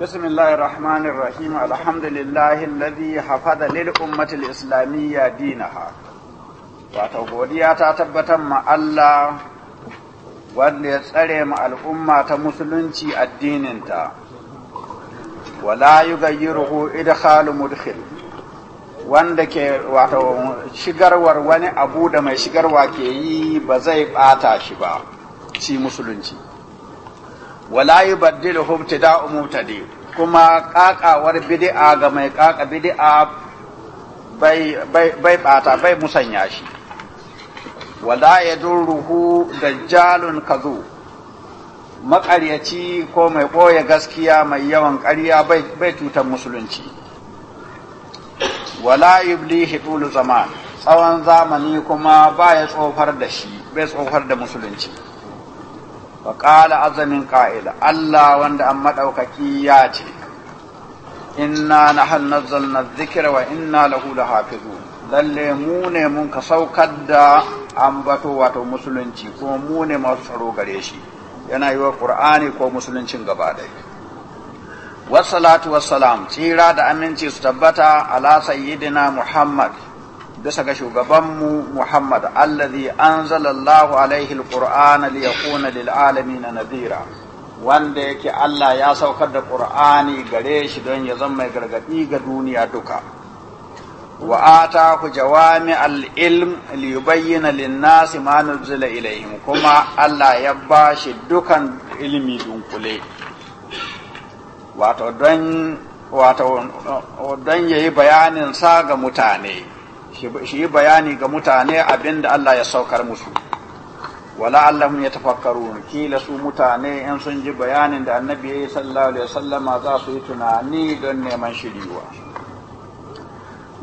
بسم الله الرحمن الرحيم الحمد لله الذي حفظ للأمة الإسلامية دينها godiya ta tabbatar ma Allah wanda ya tsare ma al'umma ta musulunci addininta wala yugayyiruhu idkhalu mudkhil wanda ke wato shigarwar wani abu da mai shigarwa ke yi ba zai ɓata shi ba ci musulunci wala da umuta mubtadi kuma kakawar bidi'a ga mai kaka bidi'a bai bata bai musanya shi wala da Jalun kadhub maƙaryaci ko mai ɓoye gaskiya mai yawan ƙarya bai cutar musulunci wala yublihi ɗulu zama tsawon zamani kuma ba ya tsofar da shi bai tsofar da musulunci wa ƙala azamin ƙa’ila Allah wanda an maɗaukaki, ya ce inna na nazzalna dhikra wa inna lahu zuwa. lalle mu ne mun ka saukar da ambato wato musulunci kuma mu ne masu tsaro gare shi yana yi wa ƙur'ani ko musuluncin gaba ɗaya wasu salam tsira da aminci su tabbata ala sayyidina muhammad bisa ga shugabanmu Muhammad allazi anzalallahu alaihi alqur'ana liyakuna lil na nadhira wanda yake Allah ya saukar da Qur'ani gare shi don ya zama mai gargadi ga duniya duka wa ataku jawami al-ilm liyubayyana lin-nasi ma nuzila ilaihim kuma Allah ya bashi dukan ilimi dunkule wato don wato don yayi bayanin sa ga mutane shi bayani ga mutane abinda Allah ya saukar musu wala ya tafakkaru kila su mutane in sun ji bayanin da annabi ya yi sallallahu alaihi sallama, za su yi tunani don neman shiriwa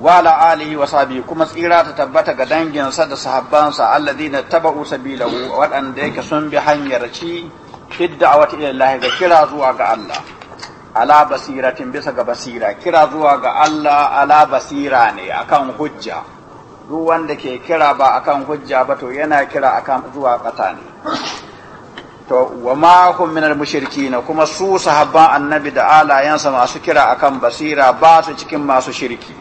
wala alihi wa sabi kuma tsira ta tabbata ga danginsa da sahabbansa alladhina taba'u sabilahu waɗanda yake sun bi hanyar ci hidda a ila Allah ga kira zuwa ga Allah ala basiratin bisa ga basira kira zuwa ga Allah ala basira ne akan hujja duk wanda ke kira ba akan hujja ba to yana kira akan zuwa kata ne to wa ma hum minal mushrikin kuma su sahabban annabi da alayansa masu kira akan basira ba su cikin masu shirki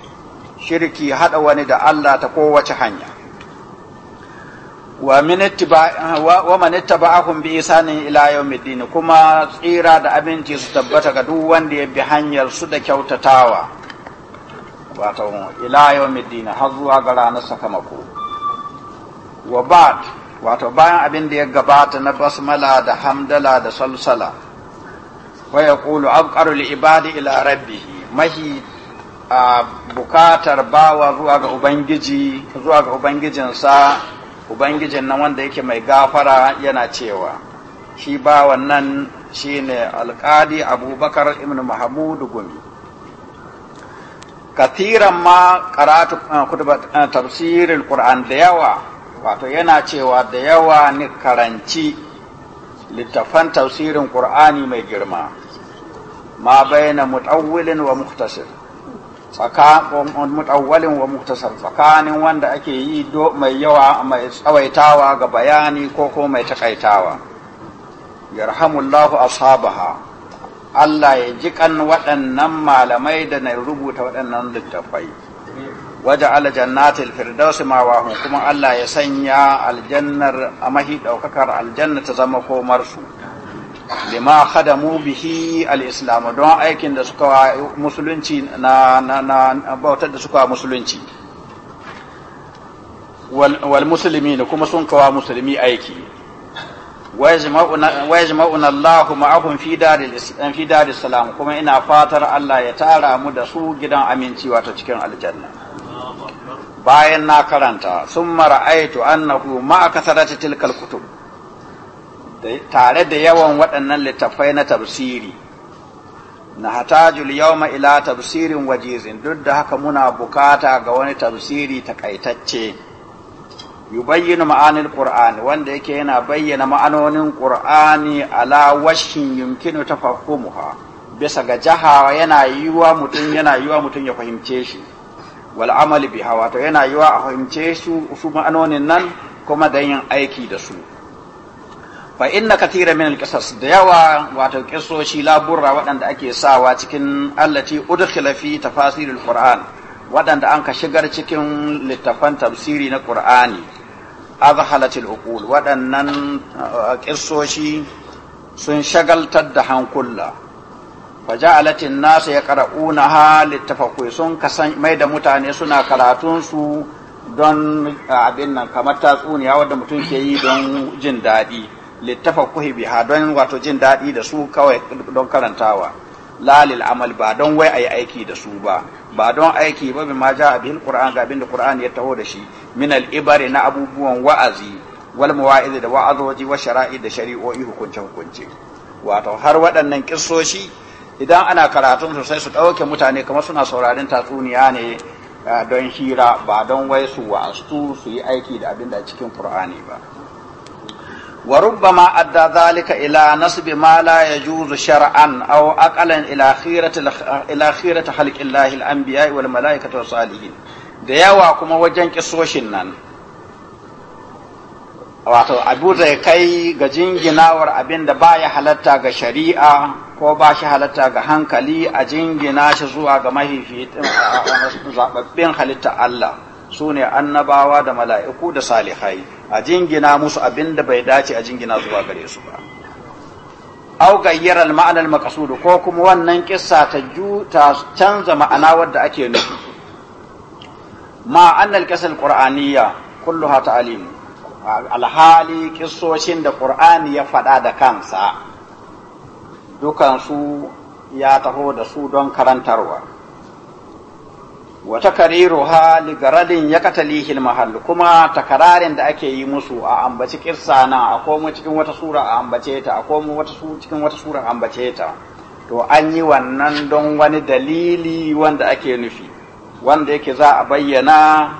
shirki hada wani da Allah ta kowace hanya wa min wa man ittaba'ahum bi isanin ila yawmiddin kuma tsira da abinci su tabbata ga duk wanda ya bi hanyar su da kyautatawa wato ila yawmiddin har zuwa ga ranar sakamako wa ba'd wato bayan abin da ya gabata na basmala da hamdala da salsala wa yaqulu abqaru li ibadi ila rabbih mahi bukatar bawa zuwa ga ubangiji zuwa ga ubangijinsa ubangijin nan wanda yake mai gafara yana cewa shi ba wannan ne alkadi abubakar ibn Mahmudu gumi Katiran ma karatu eh, eh, tafsirin ƙur'an da yawa wato yana cewa da yawa ni karanci littafan tafsirin ƙur'ani mai girma ma baina mutawwilin wa muktasir tsakanin mutawwalin wa muktasar tsakanin wanda ake yi mai yawa mai tsawaitawa ga bayani ko ko mai takaitawa yarhamullahu ashabaha Allah ya ji kan waɗannan malamai da na rubuta waɗannan littattafai waje ala jannatil mawahu kuma Allah ya sanya aljannar a mahi ɗaukakar aljanna ta zama komarsu. su lima khadamu bihi al don aikin da suka musulunci na na bautar da suka musulunci wal kuma sun kawa musulmi aiki wa yajma'una Allahu ma'ahum fi daril islam fi daril salam kuma ina fatar Allah ya tara mu da su gidan aminci wato cikin aljanna bayan na karanta summa ra'aytu annahu ma'a kasarati tilkal kutub tare da yawan waɗannan littattafai na tafsiri na hatajul yawma ila tafsirin wajizin duk da haka muna bukata ga wani tafsiri takaitacce bayyana ma'anin qur'ani wanda yake yana bayyana ma'anonin qur'ani ala washin yumkinu ha, bisa ga jaha yana yiwa mutum yana yiwa mutum ya fahimce shi wal amali biha wato yana yiwa a fahimce su su ma'anonin nan kuma da yin aiki da su fa inna katira min alqisas da yawa wato kissoshi labura waɗanda ake sawa cikin allati udkhila fi tafasil qur'an waɗanda an ka shigar cikin littafan tafsiri na qur'ani azhalatil uqul waɗannan uh, kissoshi sun shagaltar da hankulla fa ja'alatin nasu yaqra'unaha littafaqu sun kasan mai da mutane suna karatun su don uh, abin nan kamar tatsuniya wadda mutum ke yi don jin daɗi littafakuhi biha don wato jin daɗi da su kawai don karantawa lalil amal ba don wai ayi aiki da su ba ba don aiki ba ma ja a bihin qur'an ga abin da qur'an ya taho da shi min al na abubuwan wa'azi wal mawa'iz da wa'azoji wa shara'i da shari'o'i hukunce hukunce wato har waɗannan kissoshi idan ana karatun su sai su ɗauke mutane kamar suna saurarin tatsuniya ne eh, don hira ba don wai su wa'astu su yi aiki da abin da cikin qur'ani ba وربما أدى ذلك إلى ila ما ma la شرعا shar'an أقلا إلى ila khirati ila khirati khalqillahi al-anbiya wal malaikati was da yawa kuma wajen kisoshin nan wato abu zai kai ga jinginawar abin da ba ya halatta ga shari'a ko ba shi halatta ga hankali a jingina shi zuwa ga mahifitin zaɓaɓɓen halitta Allah su ne annabawa da mala'iku da salihai a jingina musu abin da bai dace a jingina zuwa gare su ba au gayyara al maan al ko kuma wannan kissa ta juta canza ma'ana wadda ake nufi ma annal kasal qur'aniyya kulluha ta'alim alhali kissoshin da qur'ani ya faɗa da kansa dukansu ya taho da su don karantarwa wa takariruha li garadin ya katalihi mahall kuma takararin da ake yi musu a ambaci kirsa na a komo cikin wata sura a ambace ta a komo wata cikin wata sura a ambace ta to an yi wannan don wani dalili wanda ake nufi wanda yake za a bayyana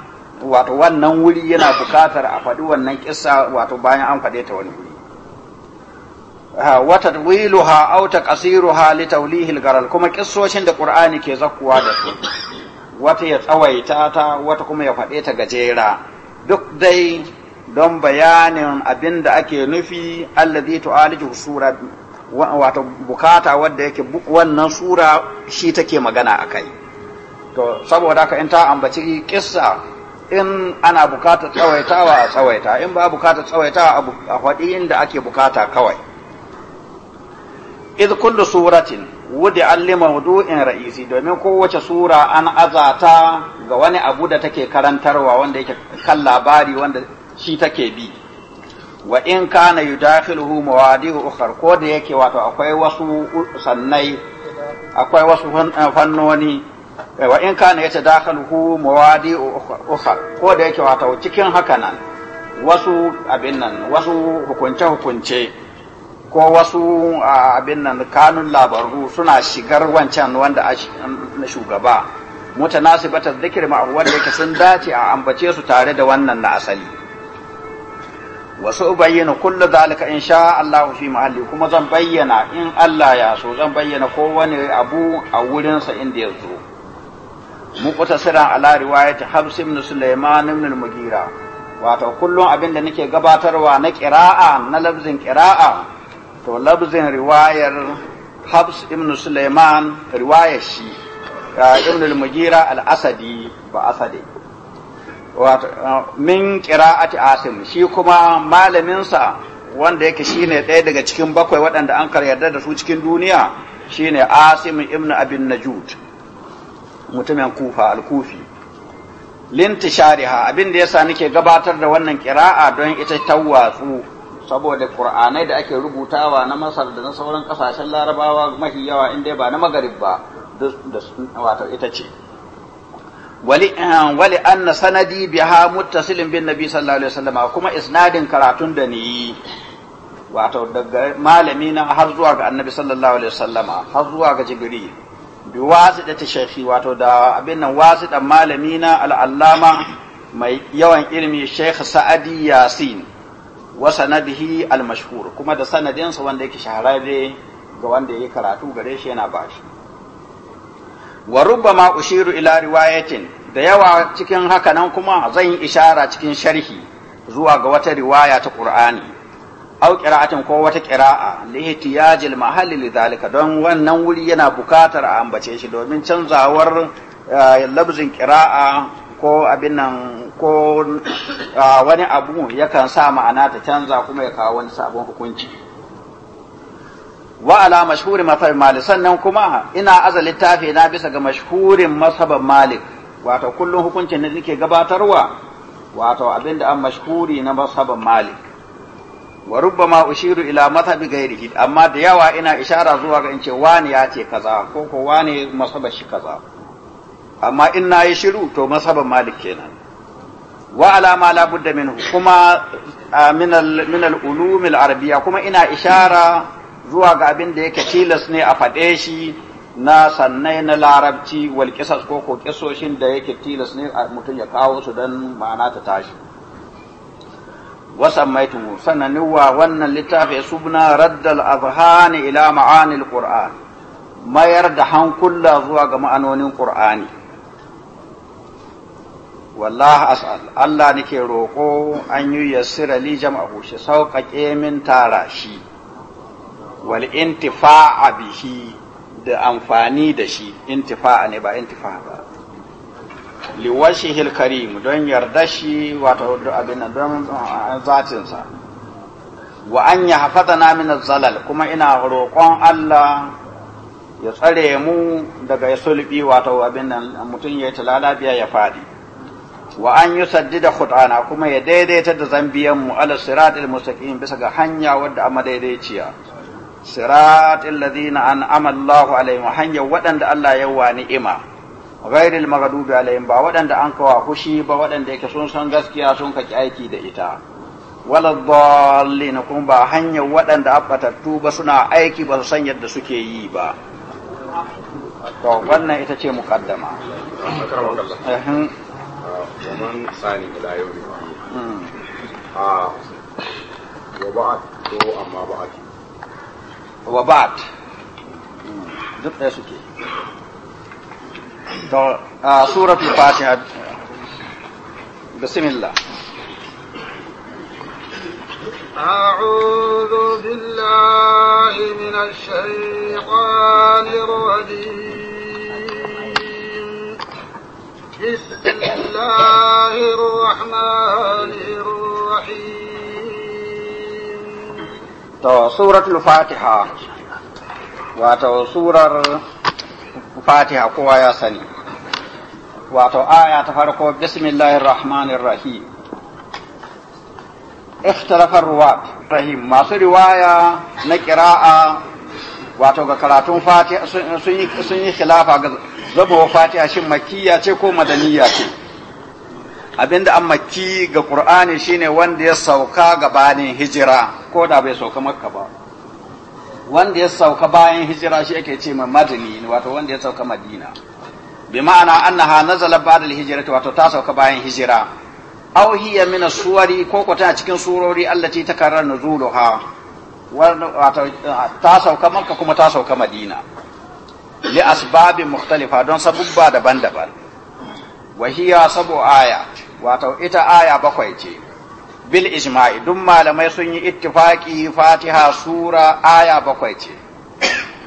wato wannan wuri yana bukatar a faɗi wannan kissa wato bayan an faɗe ta wani wuri wata tadwiluha aw taqsiruha li tawlihil garal kuma kissoshin da qur'ani ke zakkuwa da su wata ya tsawaita ta wata kuma ya faɗe ta gajera duk dai don bayanin abin da ake nufi allazi tu'aliju sura wato bukata wadda yake wannan sura shi take magana a kai to saboda haka in ta ambaci kissa in ana bukata tsawaitawa a tsawaita in ba bukatar tsawaitawa a faɗi inda ake bukata kawai idh kullu suratin wudi allima wudu'in ra'isi domin kowace sura an azata ga wani abu da take karantarwa wanda yake kan labari wanda shi take bi wa in kana yudakhiluhu mawadi'u ukhra ko da yake wato akwai wasu sannai akwai wasu eh, fannoni eh, wa in kana dakhiluhu mawadi'u ukhra ko da yake wato cikin haka nan wasu abin nan wasu hukunce hukunce ko wasu abin nan kanun labaru suna shigar wancan wanda na shugaba mota mutanasibata zikir ma wanda yake sun dace a ambace su tare da wannan na asali wasu bayyana kullu zalika in sha Allah fi mahalli kuma zan bayyana in Allah ya so zan bayyana kowane abu a wurinsa inda ya zo muqtasiran ala riwayati Habs ibn Sulaiman ibn al-Mughira wato kullum abin da nake gabatarwa na qira'a na lafzin qira'a to labzin riwayar habs ibn suleiman riwayar shi ibn al-mugira al-asadi ba asadi uh, min qira'ati asim shi kuma malaminsa wanda yake shine ɗaya daga cikin bakwai waɗanda an yarda da su cikin duniya shine asim ibn abin najud mutumin kufa al-kufi lintishariha abin da yasa nake gabatar da wannan qira'a don ita tawwatsu saboda qur'anai da ake rubutawa na masar da na sauran ƙasashen larabawa mafi yawa inda ba na magarib ba wato ita ce wali eh, wali anna sanadi biha muttasilin bin nabi sallallahu alaihi wasallam kuma isnadin karatun da ni wato daga malami na har zuwa ga annabi sallallahu alaihi wasallama har zuwa ga jibril bi wasita ta shaykhi wato da abin nan wasitan malami na al-allama mai yawan ilmi shaykh sa'adi yasin wa sanadihi al-mashhur kuma da sanadinsa wanda yake shahararre ga wanda yi karatu gare shi yana bashi wa rubbama ushiru ila riwayatin da yawa cikin haka nan kuma zan yi ishara cikin sharhi zuwa ga wata riwaya ta Qur'ani aw qira'atin ko wata qira'a li ihtiyajil mahalli lidhalika don wannan wuri yana bukatar a ambace shi domin canzawar eh, labzin qira'a ko abin nan ko ah, wani abu yakan sa ma'ana ta canza kuma ya kawo wani sabon hukunci wa ala mashhuri mafar malik sannan kuma ina aza littafi na bisa ga mashhurin masaban malik wato kullum hukuncin da nake gabatarwa wato abinda an mashhuri na masaban malik wa rubbama ushiru ila mazhabi ghairihi amma da yawa ina ishara zuwa ga in ce wani ya ce kaza ko ko wani masaba shi kaza amma in na yi shiru to masaban malik kenan wa alama la budda minhu kuma min al-ulum al kuma ina ishara zuwa ga abin da yake tilas ne a faɗe shi na sannai na larabci wal kisas ko ko kisoshin da yake tilas ne mutum ya kawo su dan ma'ana ta tashi wasammaituhu sannan wa wannan littafi subna raddal azhani ila ma'anil qur'an mayar da hankula zuwa ga ma'anonin qur'ani wallah as'al Allah nake roƙo an yi yassira li jama'u shi sauƙaƙe min tara shi wal intifa'a bihi da amfani da shi intifa'a ne ba intifa'a ba li wajhihil karim don yarda shi wato abin nan don ah, zatin sa wa an na min zalal kuma ina roƙon Allah ya tsare mu daga sulbi wato abin nan mutum ya yi talala biya ya fadi wa an da khut'ana kuma ya daidaita da zambiyan mu ala siratil mustaqim bisa ga hanya wadda amma daidaiciya siratil ladina an amallahu alaihim hanya waɗanda Allah ya wa ni'ima ghairil maghdubi alaihim ba waɗanda an kawa hushi ba waɗanda yake sun san gaskiya sun kaki aiki da ita wala kuma kun ba hanyar waɗanda abbatattu ba suna aiki ba su san yadda suke yi ba to wannan ita ce muqaddama ومن ثاني إلى يوم الدين وبعد هو أما بعد وبعد duk ɗaya suke to a suratul fatiha bismillah أعوذ بالله من الشيطان الرجيم بسم الله الرحمن الرحيم تو سورة الفاتحة واتو سورة الفاتحة قوة يا سني واتو آية تفرقوا بسم الله الرحمن الرحيم اختلف الرواة رحيم ما سو رواية نقراءة واتو كراتون فاتحة سنين خلافة zaba fatiha shin makiyya ce ko madaniya ce abinda an makki ga qur'ani shine wanda ya sauka gabanin hijira ko da bai sauka makka ba wanda ya sauka bayan hijira shi ake ce madani wato wanda ya sauka madina bi ma'ana annaha nazala ba'da al-hijrati wato ta sauka bayan hijira aw hiya min as-suwari ko ko ta cikin surori allati takarrar nuzuluha wato ta sauka makka kuma ta sauka madina li asbabi mukhtalifa don sabubba daban-daban wa hiya sabu aya wato ita aya bakwai ce bil ijma'i duk malamai sun yi ittifaqi fatiha sura aya bakwai ce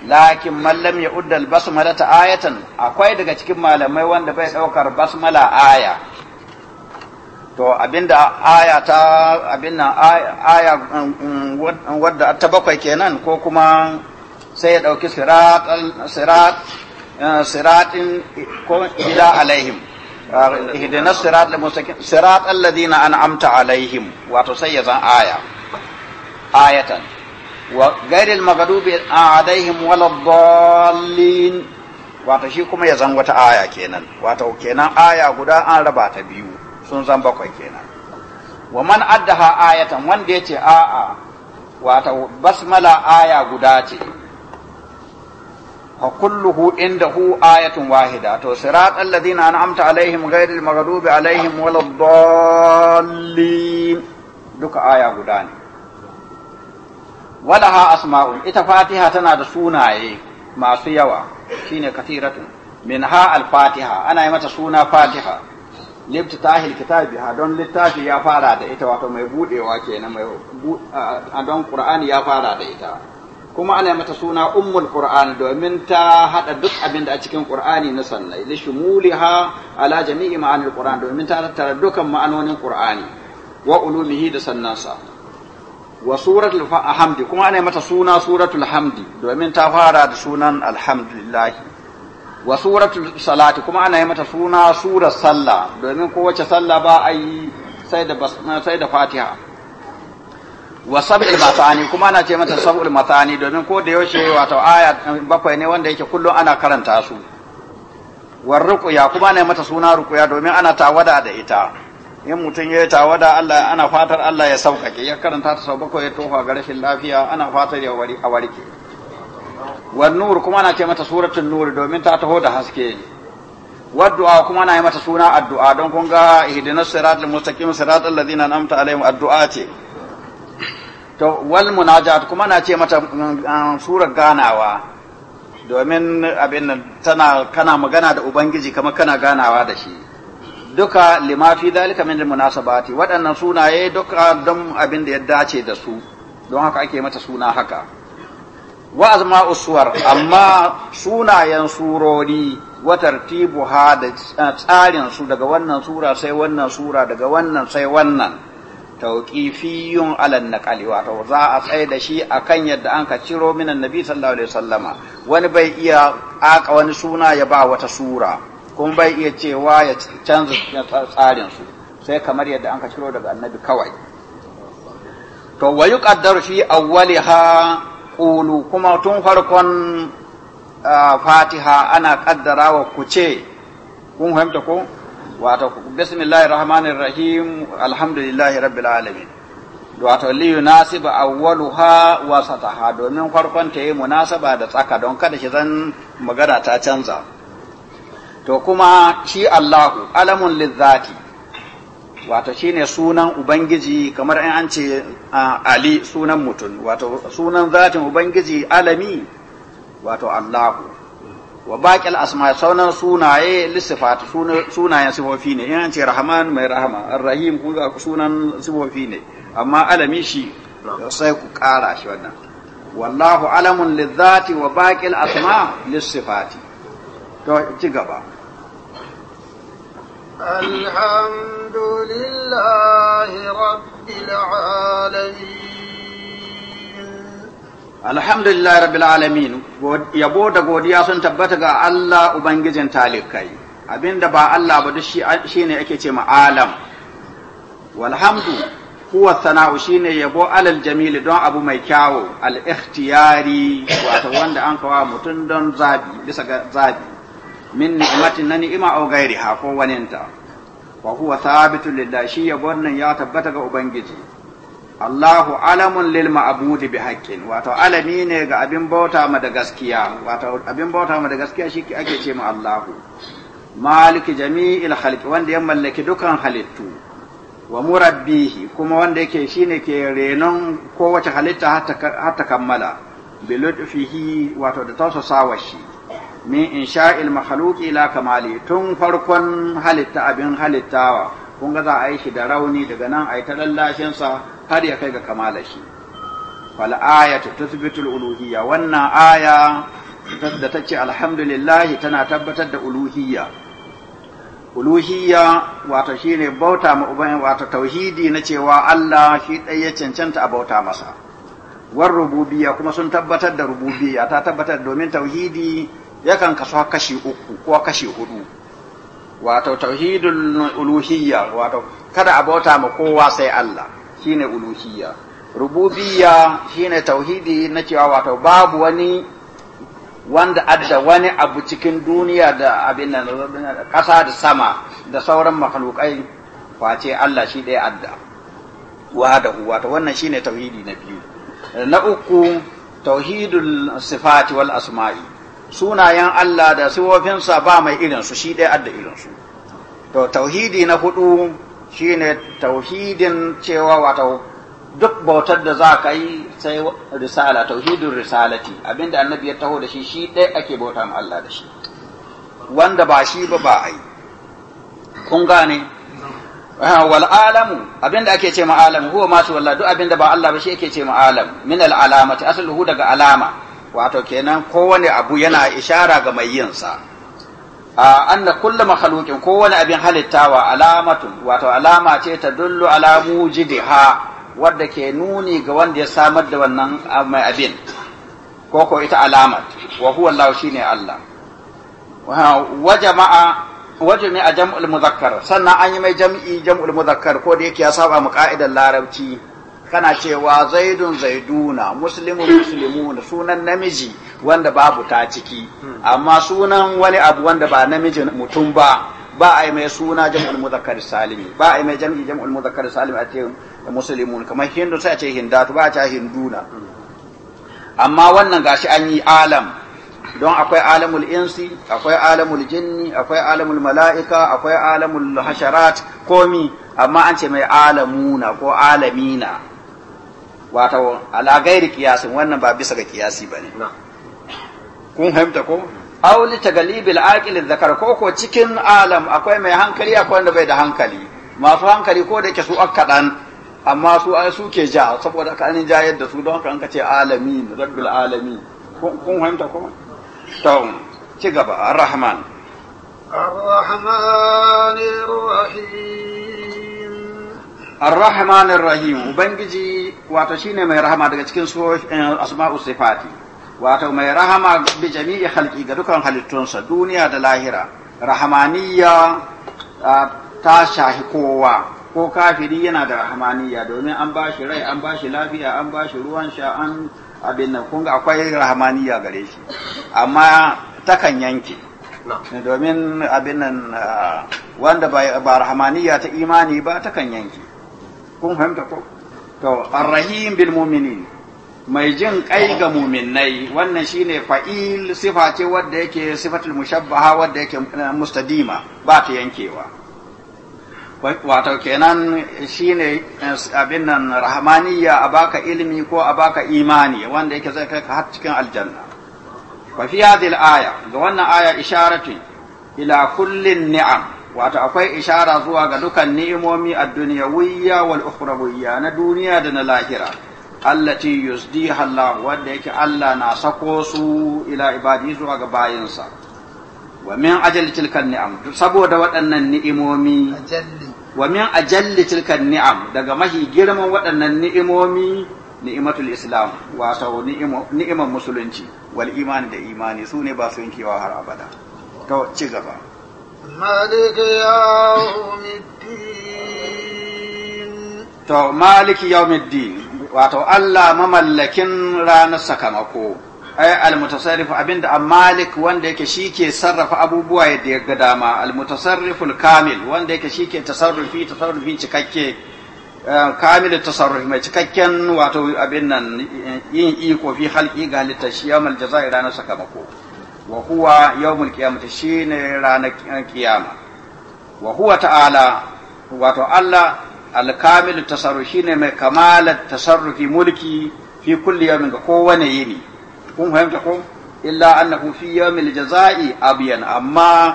lakin mallam ya uddal basmala ta ayatan akwai daga cikin malamai wanda bai daukar basmala aya to abinda aya ta abinda aya um, um, wadda ta bakwai kenan ko kuma sai ya ɗauki eh, siratin ko ila alaihim hidinar eh, sirat al-mustaqim sirat alladhina an'amta alaihim wato sai ya zan aya ayatan wa ghairil maghdubi alaihim waladdallin wato shi kuma ya zan wata aya kenan wato kenan aya guda an raba ta biyu sun zan bakwai kenan wa man addaha ayatan wanda yace a'a wato basmala aya guda ce wa kulluhu indahu ayatun wahida to siratal ladina an'amta alaihim ghairil maghdubi alaihim waladdallin duka aya guda ne walaha asma'un ita fatiha tana da sunaye masu yawa shine kathiratun minha al-fatiha ana yi mata suna fatiha liftitahil kitabi ha don littafi ya fara da ita wato mai budewa kenan mai don qur'ani ya fara da ita kuma ana mata suna ummul qur'ani domin ta hada duk abin da a cikin qur'ani na sannai li shumuliha ala jami'i ma'anil qur'ani domin ta tattara dukan ma'anonin qur'ani wa ulumihi da sannansa wa suratul hamdi kuma ana mata suna suratul hamdi domin ta fara da sunan alhamdulillah wa suratul salati kuma ana mata suna surar sallah domin kowace sallah ba a yi sai da sai da fatiha wa sab'il matani kuma ana ce mata sab'ul matani domin ko da yaushe wato aya bakwai ne wanda yake kullum ana karanta su war ruqya kuma ana mata suna ruqya domin ana tawada da ita in mutum ya tawada Allah ana fatar Allah ya saukake ya karanta ta sau bakwai ya tofa ga rashin lafiya ana fatar ya wari a warke nur kuma ana ce mata suratul nur domin ta taho da haske waddu'a kuma ana yi mata suna addu'a don kun ga ihdinas siratal mustaqim siratal ladina an'amta alaihim addu'a ce to wal munajat kuma na ce mata mm, mm, sura ganawa domin abin nan tana kana magana da ubangiji kamar kana ganawa da shi duka limafi dalika min munasabati waɗannan sunaye duka don abin da ya dace da su don haka ake mata suna haka wa azma amma sunayen surori wa tartibuha da tsarin su daga wannan sura sai wannan sura daga wannan sai wannan tawqifiyun ala naƙali, wato za a tsaye da shi akan yadda an ka ciro min annabi sallallahu alaihi wasallama wani bai iya aka wani suna ya ba wata sura kuma bai iya cewa ya canza tsarin su sai kamar yadda an ka ciro daga annabi kawai to wa yuqaddaru fi awwaliha qulu kuma tun farkon ah, fatiha ana kaddarawa ku ce kun fahimta ko wato bismillahi rahmanir rahim alhamdulillahi rabbil alamin wato li yunasiba awwaluha sataha domin farkon ta yi munasaba da tsaka don kada shi zan magana ta canza to kuma shi Allahu alamun lizzati wato shine sunan ubangiji kamar in an ce ali sunan mutum wato sunan zatin ubangiji alami wato Allahu wa baƙil asma saunan sunaye lissifat sunayen sifofi ne in ce rahman mai rahama rahim kuma sunan sifofi ne amma alami shi sai ku ƙara shi wannan wallahu alamun lizzati wa baƙil asma lissifati to ci gaba alhamdulillahi rabbil alamin alhamdulillah rabbil alamin yabo da godiya sun tabbata ga Allah ubangijin talikai abinda ba Allah ba duk shi ne ake ce ma alam walhamdu huwa sana'u shine yabo alal jamil don abu mai kyawo al ikhtiyari wato wanda an kawo mutum don zabi bisa ga zabi min ni'matin na ni'ima au gairi ha ko waninta wa huwa thabitun lillahi shi yabon nan ya tabbata ga ubangiji Allahu alamun lil ma'budi bi haqqin wato alami ne ga abin bauta ma da abin bauta ma shi ake ce ma Allahu maliki jami'il wanda ya mallaki dukan halittu wa murabbihi kuma wanda yake shine ke renon kowace halitta har ta kammala bi lutfihi wato da tausasawa shi min insha'il makhluqi ila kamali tun farkon halitta abin halittawa kun ga za a yi shi da rauni daga nan a yi ta lallashinsa, har ya kai ga kamala shi fal ta tuthbitul uluhiyya wannan aya da ta ce alhamdulillahi tana tabbatar da uluhiyya uluhiyya wato ne bauta ma uban wato tauhidi na cewa Allah shi ɗaya ya cancanta a bauta masa war rububiyya kuma sun tabbatar da rububiyya ta tabbatar domin tauhidi yakan kaso kashi uku ko kashi hudu wato tauhidul uluhiyya wato kada a bauta ma kowa sai Allah shine uluhiyya rububiyya shine tauhidi na cewa wato babu wani wanda adda wani abu cikin duniya da abin nan kasa da sama da sauran makhlukai kwace Allah shi ɗaya adda wahadahu wato wannan shine tauhidi na biyu na uku tauhidul sifati wal asma'i sunayen Allah da sifofinsa ba mai irinsu shi ɗaya adda irinsu to tauhidi na hudu shine tauhidin cewa wato duk bautar da za ka yi sai risala tauhidin risalati abinda annabi ya taho da shi shi ɗaya ake bauta ma Allah da shi wanda ba shi ba ba ai kun gane wal alamu abinda ake ce ma alamu huwa masu wallah duk abinda ba Allah ba shi ake ce ma alam min al alamati asluhu daga alama wato kenan kowane abu yana ishara ga mai yinsa a anna kullu makhluqin kowane abin halittawa alamatun wato alama ce ta dullu ala mujidiha wadda ke nuni ga wanda ya samar da wannan mai abin ko ko ita alamat wa huwa Allah shine Allah wa jama'a wajmi a jam'ul muzakkar sannan an yi mai jam'i jam'ul muzakkar ko da yake ya saba mu ka'idar larabci kana cewa zaidun zaiduna muslimun muslimuna sunan namiji wanda babu ta ciki amma sunan wani abu wanda ba namiji mutum ba ba a yi mai suna jam'ul muzakkar salimi ba a yi mai jam'i jam'ul muzakkar salimi a ce muslimun kamar hindu sai a ce hindatu ba a ce hinduna amma wannan gashi an yi alam don akwai alamul insi akwai alamul jinni akwai alamul mala'ika akwai alamul hasharat komi amma an ce mai alamuna ko alamina wato ala gairi kiyasin wannan ba bisa ga kiyasi ba ne kun haimta ko Auli ta tagalibil aqil zakar ko ko cikin alam akwai mai hankali akwai wanda bai da hankali masu hankali ko da ke su akkadan amma su su ke ja saboda ka ani jayar da su don haka an ka ce alami rabbil alami. kun haimta ko to ci gaba ar-rahman ar ar rahim Ar-Rahman Ar-Rahim Ubangiji wato shine mai rahama daga cikin eh, asma'u sifati wato mai rahama bi jami'i khalqi ga dukan halittunsa duniya da lahira rahmaniyya ta shahi kowa ko kafiri yana da rahmaniyya domin an ba shi rai an ba shi lafiya an ba shi ruwan sha an abin nan kun akwai rahmaniyya gare shi amma takan yanke domin abin nan wanda ba rahmaniyya ta imani ba takan yanke kun fahimta ko to arrahim bil mu'minin mai jin kai ga muminnai wannan shine fa'il sifa ce wadda yake sifatul mushabbaha wadda yake eh, mustadima ba ta yankewa wato kenan shine eh, abin nan rahmaniya a baka ilimi ko a baka imani wanda yake zai kai har cikin aljanna fa fi hadhihi al-aya ga wannan aya isharatu ila kullin ni'am wato akwai ishara zuwa ga dukan ni'imomi a duniya wuyya wal ukhrawiyya na duniya da na lahira allati yusdiha Allah wanda yake Allah na sako su ila ibadi zuwa ga bayinsa wa min ajalli tilkan ni'am saboda waɗannan ni'imomi wa min ajalli tilkan ni'am daga mahi girman waɗannan ni'imomi ni'imatul islam wato ni'imar musulunci wal imani da imani su ne ba su yankewa har abada to ci gaba مالك يوم الدين تو مالك يوم الدين wato Allah mamallakin ranar sakamako ai almutasarrifu abinda an malik wanda yake shi sarrafa abubuwa ya ga dama almutasarriful kamil wanda yake shi ke tasarrufi tasarrufi cikakke eh, kamil tasarrufi mai cikakken wato abin nan yin iko fi halki ga littashi yawmal ranar sakamako wa huwa yawmul qiyamati shine ranar kiyama wa huwa ta'ala wato Allah al-kamilu shine mai kamalar tasarrufi mulki fi kulli yawmin ga kowane yini kun fahimta ko illa annahu fi yawmil jazai abyan amma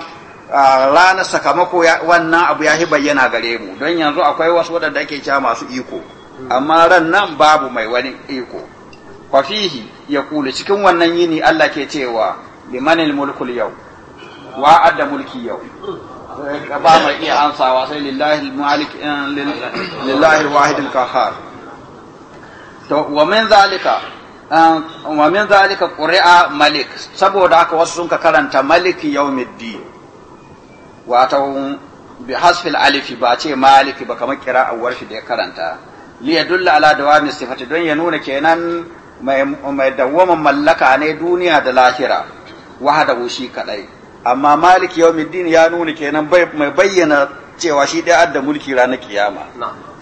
ranar sakamako wannan abu ya bayyana gare mu don yanzu akwai wasu waɗanda ake cewa masu iko amma ran nan babu mai wani iko fafihi ya kula cikin wannan yini Allah ke cewa liman mulkul yau wa adda mulki yau ba mai iya ansawa sai lillahi malik eh, lillahi wahid al to wa min zalika eh, wa malik saboda haka wasu sun ka karanta malik yawmiddin wato bi hasfil alifi ba ce maliki ba kamar kira'awar shi da ya karanta li yadulla ala don ya nuna kenan mai mai mallaka ne duniya da lahira wahadahu shi kadai amma malik yawmiddin ya nuna kenan mai bayyana cewa shi dai adda mulki ranar kiyama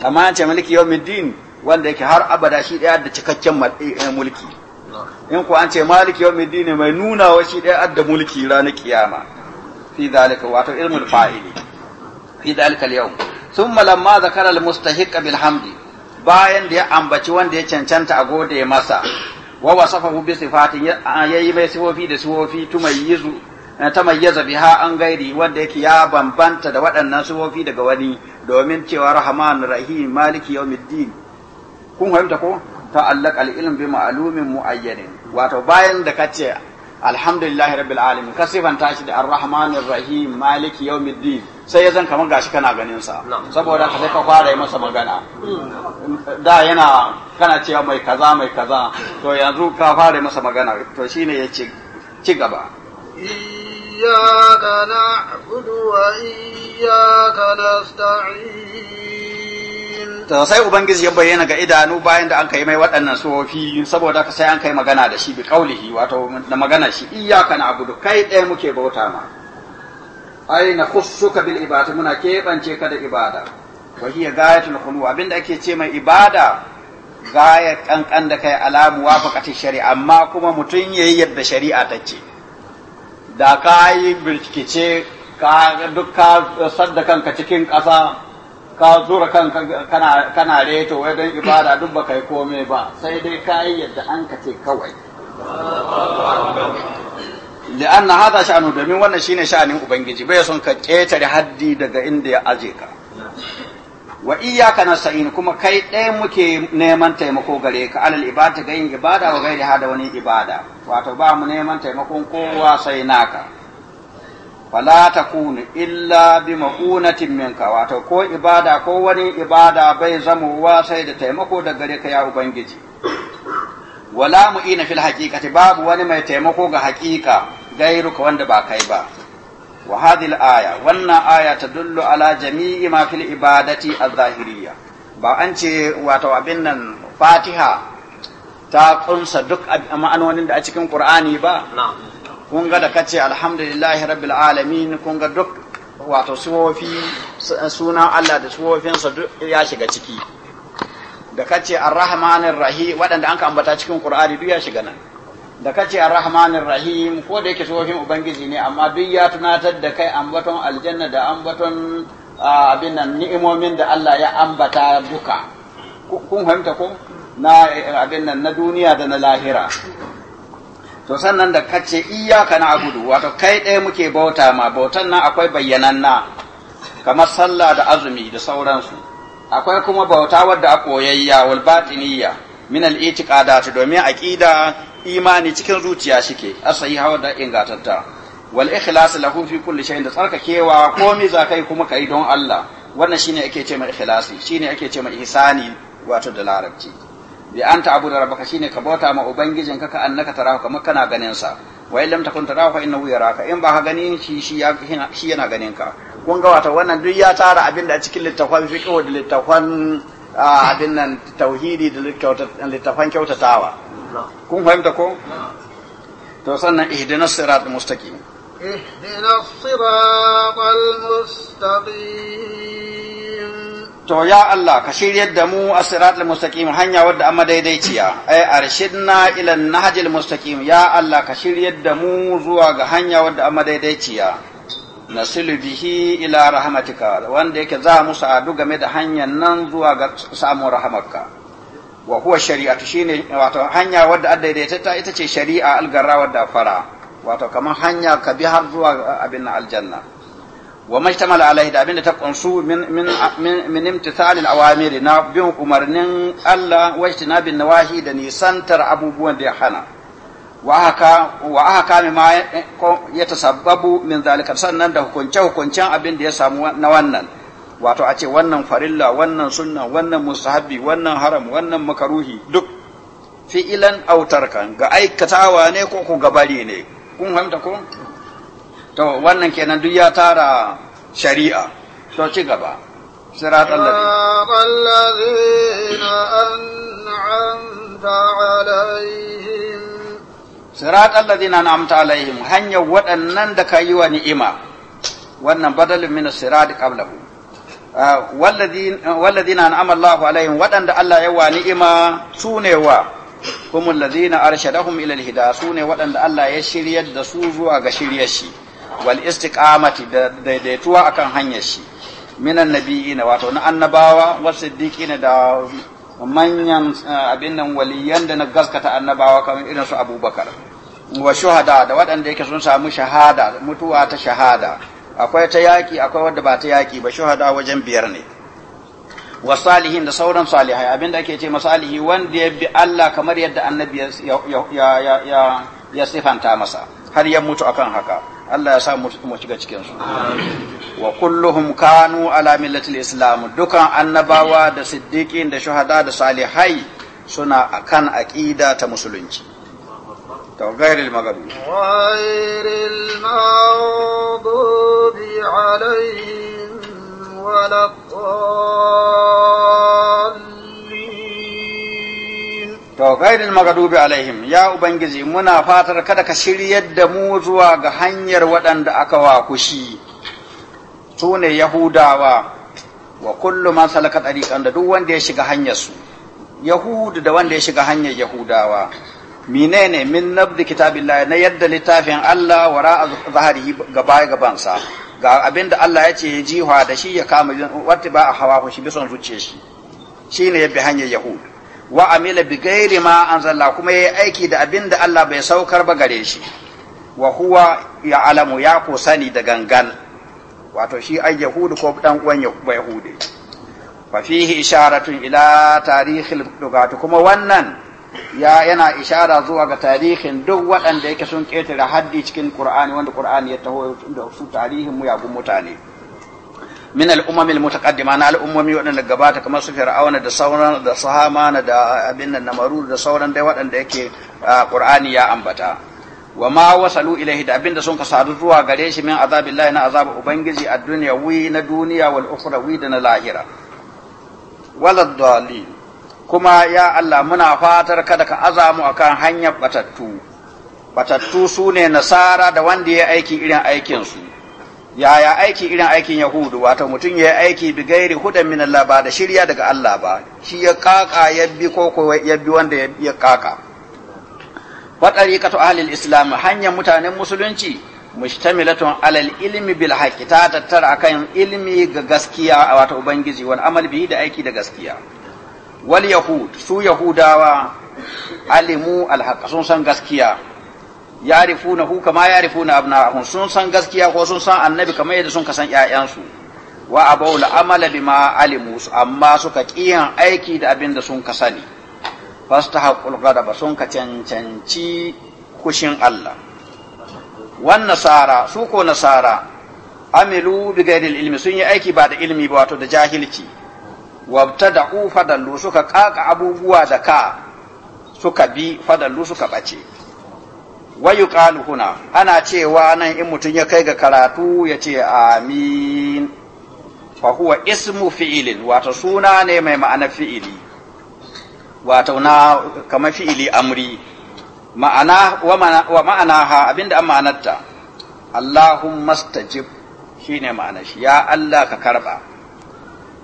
amma an ce malik yawmiddin wanda yake har abada shi dai adda cikakken eh, eh, mulki in ku an ce malik yawmiddin mai nuna wa shi dai adda mulki ranar kiyama fi zalika wato ilmul fa'ili fi zalika al-yawm thumma lamma zakara al-mustahiq bil hamdi bayan da ya ambaci wanda ya cancanta a gode masa wa wasafahu bi sifatin yayi mai sifofi da sifofi tumayyizu tamayyaza biha an gairi wanda yake ya bambanta da waɗannan sifofi daga wani domin cewa rahman rahim maliki yawmiddin kun fahimta ko ta'allaq al-ilm bi ma'lumin mu'ayyanin wato bayan da kace alhamdulillahi rabbil alamin ka sifanta shi da ar rahim maliki yawmiddin sai ya zan kamar gashi kana ganin sa saboda ka sai ka fara yi masa magana da yana kana cewa mai kaza mai kaza to yanzu ka fara yi masa magana to shine ya ci ci gaba iyyaka na'budu wa iyyaka nasta'in to sai ubangiji ya bayyana ga idanu bayan da an kai mai waɗannan sofi saboda ka sai an kai magana da shi bi kaulihi wato da magana shi iyyaka na'budu kai ɗaya muke bauta ma ai na khussuka bil ibada muna keɓance ka da ibada wa hiya gayatul khulu abinda ake ce mai ibada gaya kankan da kai alamu wafaqati shari'a amma kuma mutun yayi yadda shari'a ta ce da ka yi bincike ka duk ka kanka cikin ƙasa ka zura kanka kana kana reto wai dan ibada duk ba kai komai ba sai dai ka yadda an ka ce kawai li'an na hada sha'anu domin wannan shine sha'anin ubangiji bai son ka ƙetare haddi daga inda ya aje ka wa iyyaka nasta'in kuma kai ɗaya muke neman taimako gare ka alal ibada ga ibada wa gairi hada wani ibada wato ba mu neman taimakon kowa sai naka fala takunu illa bi maqunatin minka wato ko ibada ko wani ibada bai zamowa sai da taimako da gare ka ya ubangiji wala mu'ina fil haqiqati babu wani mai taimako ga haqiqa gairuka wanda ba kai ba wa aya wannan aya ta dullu ala jami'i ma fil ibadati az-zahiriyya ba an ce wato abin nan Fatiha ta kunsa duk ma'anonin da a cikin Qur'ani ba kun ga da kace alhamdulillahi rabbil alamin kun ga duk wato suwofi Allah da suwofinsa duk ya shiga ciki da kace ar-rahmanir rahim waɗanda an ka ambata cikin qur'ani duk ya shiga nan da kace ar-rahmanir rahim ko da yake sofin ubangiji ne amma duk ya tunatar da kai ambaton aljanna da ambaton abin nan ni'imomin da Allah ya ambata duka kun fahimta ko na abin nan na duniya da na lahira to sannan da kace iyyaka na'budu wato kai ɗaya muke bauta ma bautan nan akwai na kamar sallah da azumi da sauransu akwai kuma bauta wadda a koyayya wal batiniya min al itiqadat domin aqida imani cikin zuciya shike hawa wadda ingatatta wal ikhlas lahu fi kulli shay'in da tsarkakewa komai zakai kuma kai don Allah wannan shine ake ce mai ikhlasi shine ake ce mai ihsani wato da larabci bi anta da rabbaka shine ka bauta ma Ubangijin ka ka annaka tarahu kamar kana ganin sa wa illam takun tarahu fa innahu yaraka in ba ka ganin shi shi yana ganin ka kun ga wata wannan duk ya tara abin da a cikin littafan fiƙo da littafan abin nan tauhidi da littafan kyautatawa kun fahimta ko to sannan ihdina sirat mustaqim ihdina sirat mustaqim to ya Allah ka shiryar da mu as-siratal mustaqim hanya wadda amma daidaiciya ai arshidna ila an-nahjil mustaqim ya Allah ka shiryar da mu zuwa ga hanya wadda amma daidaiciya nasilu bihi ila rahmatika wanda yake za mu sa'adu game da hanyar nan zuwa ga samun rahamarka wa huwa shari'atu shine wato hanya wadda adda ta ita ce shari'a algarra wadda fara wato kamar hanya ka bi har zuwa abin aljanna wa majtamal alaihi da abin da ta kunsu min min min imtithal alawamir na bi umarnin Allah wa ijtinabin nawahi da nisantar abubuwan da ya hana wa aka kame ma eh, ya tasabbabu min zalika sannan da hukunce hukuncen abin da ya samu na wannan wato a ce wannan farilla wannan sunna wannan mustahabi wannan haram wannan makaruhi duk fi'ilan autarkan ga aikatawa ne ko ku gabari ne kun fahimta ko to wannan kenan duk ya tara shari'a to ci gaba siratal ladina an'amta alaihim sirat alladhina an'amta alaihim hanya waɗannan da ka yi wa ni'ima wannan badalin min sirat qablahu ah, walladhina an'ama Allahu alaihim waɗanda Allah ya wa ni'ima sune wa humul ladhina arshadahum ila alhida sune waɗanda Allah ya shiryar da su zuwa ga shiryar shi wal istiqamati da daidaituwa akan hanyar shi minan nabiyina wato na annabawa wasiddiqina da manyan eh, abin nan waliyan da na gaskata annabawa kamar irin su abubakar wa shuhada da waɗanda yake sun samu shahada mutuwa ta shahada akwai ta yaƙi akwai wadda ba ta yaƙi ba shuhada wajen biyar ne wa salihin da sauran salihai abin da ake ce masalihi wanda ya bi Allah kamar yadda annabi ya ya sifanta masa har ya mutu akan haka Allah ya sa mu shiga cikin su wa kulluhum kanu ala millatil islam dukan annabawa da siddiqin da shuhada da salihai suna akan aqida ta musulunci to ghairil maghdubi ghairil maghdubi alaihim waladdallin To, gairil magadubi alaihim, ya Ubangiji, muna fatar kada ka shiryar da mu zuwa ga hanyar waɗanda aka wa kushi, su ne Yahudawa, wa kullu man salaka ɗariƙan da duk wanda ya shiga su Yahudu da wanda ya shiga hanyar Yahudawa. Menene min nabdi kitabillah na yadda littafin Allah wara zahari gaba sa ga abinda Allah ya ce ya jihwa da shi ya kama wata ba a hawa shi bisan zuciyar shi shine yabbi hanyar Yahudu wa amila bi gairi ma anzalla kuma yayi aiki da abin da Allah bai saukar ba gare shi wa huwa ya alamu ya ko sani da gangan wato shi ai yahudu ko dan uwan yahudi fa fihi isharatun ila tarihil lugati kuma wannan ya yana ishara zuwa ga tarihin duk waɗanda yake sun ƙetare haddi cikin Qur'ani wanda Qur'ani ya taho da su tarihin mu ya mutane min al'ummamil mutaqaddima na al'ummomi waɗanda gabata kamar su fir'auna da sauran da sahamana da abin nan namaru da sauran dai waɗanda yake qur'ani ya ambata wa ma wasalu ilaihi da abinda sun ka sadu zuwa gare shi min azabillahi na azab ubangiji a duniya wi na duniya wal ukhra wi da na lahira walad dalil kuma ya Allah muna fatar kada ka azamu akan hanyar batattu batattu sune nasara da wanda ya aiki irin aikin su yaya aiki irin aikin yahudu wato mutum ya yi aiki bi gairi hudan min Allah ba da shirya daga Allah ba shi ya kaka ya bi ko ko ya bi wanda ya kaka wa tariqatu ahli islam hanyar mutanen musulunci mushtamilatun alal ilmi bil haqqi ta tattara akan ilmi ga gaskiya wato ubangiji wani amal bihi da aiki da gaskiya wal yahud su yahudawa alimu al sun san gaskiya ya'rifunahu kama ya'rifuna abna'ahum sun san gaskiya ko sun san annabi kamar yadda sun kasan ƴaƴansu wa abawla amala bima alimu amma suka kiyan aiki da abin da sun ka sani ghadaba sun ka cancanci kushin Allah wan nasara su ko nasara amilu bi ghairil ilmi sun yi aiki ba da ilmi ba wato da jahilci wabtada'u fadallu suka kaka abubuwa da ka suka bi fadallu suka bace wayu huna ana cewa nan in mutum ya kai ga karatu ya ce amin fa huwa ismu fi'ilin wato suna ne mai ma'ana fi'ili wato na kamar fi'ili amri ma'ana wa ma'ana ha abinda an ma'anarta Allahumma stajib shine ma'ana shi ya Allah ka karba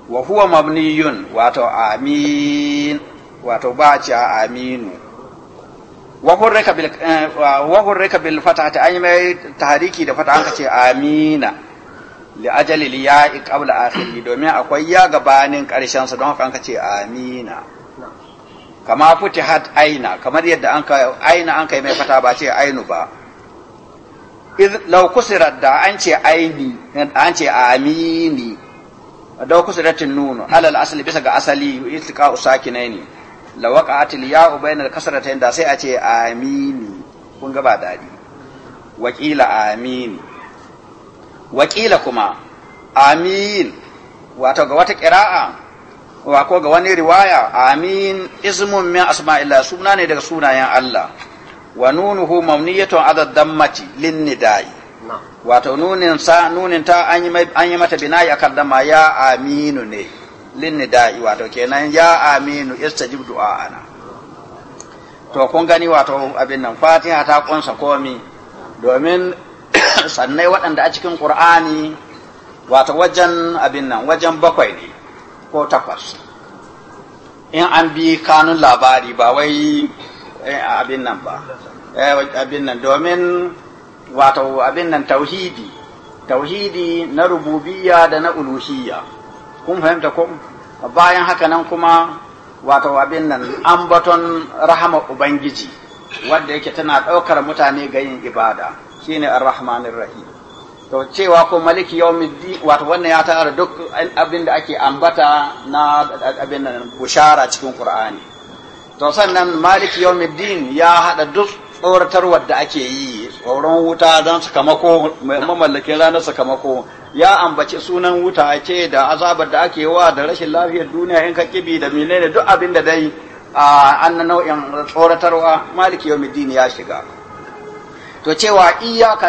wa huwa mabniyun wato amin wato ba ci aminu wahun ka bil fata ta an yi mai tahariki da fata an ka ce amina li ajali ya qabla akhiri domin akwai ya gabanin karshen sa don haka an ka ce amina kama futi hat aina kamar yadda an ka aina an kai mai fata ba ce ainu ba iz law kusirat da an ce aini an ce amini da kusiratin nunu alal asli bisa ga asali iltiqa usakinaini la waqa'atil ya'u bainal kasratayn da sai a ce amini kun ga ba dadi waqila amini waqila kuma amin wato ga wata qira'a wa ko ga wani riwaya amin ismun min asma'illah suna ne daga sunayen Allah wa nunuhu mawniyatun ala dammati lin nidai wato nunin sa nunin ta an yi mata binayi akan dama ya aminu ne da'i wato kenan ya aminu istajib ana. to kun gani wato abin nan fatiha ta kunsa komi domin sannai waɗanda a cikin qur'ani wato wajen abin nan wajen bakwai ne ko takwas in an bi kanun labari ba wai eh, abin nan ba eh, abin nan domin wato abin nan tauhidi tauhidi na rububiyya da na uluhiyya kun fahimta ko bayan haka nan kuma wato abin nan ambaton rahama ubangiji wanda yake tana ɗaukar mutane ga yin ibada shine ar-rahmanir rahim to cewa ko maliki yawmiddin wato wannan ya tara duk abin da ake ambata na abin nan bushara cikin qur'ani to sannan maliki yawmiddin ya hada duk tsoratarwar da ake yi tsoron wuta don sakamako mamallakin ranar sakamako ya ambaci sunan wuta ce da azabar da ake wa da rashin lafiyar duniya in ka kibi da menene duk abin da dai a annan nau'in tsoratarwa maliki yawmiddin ya shiga to cewa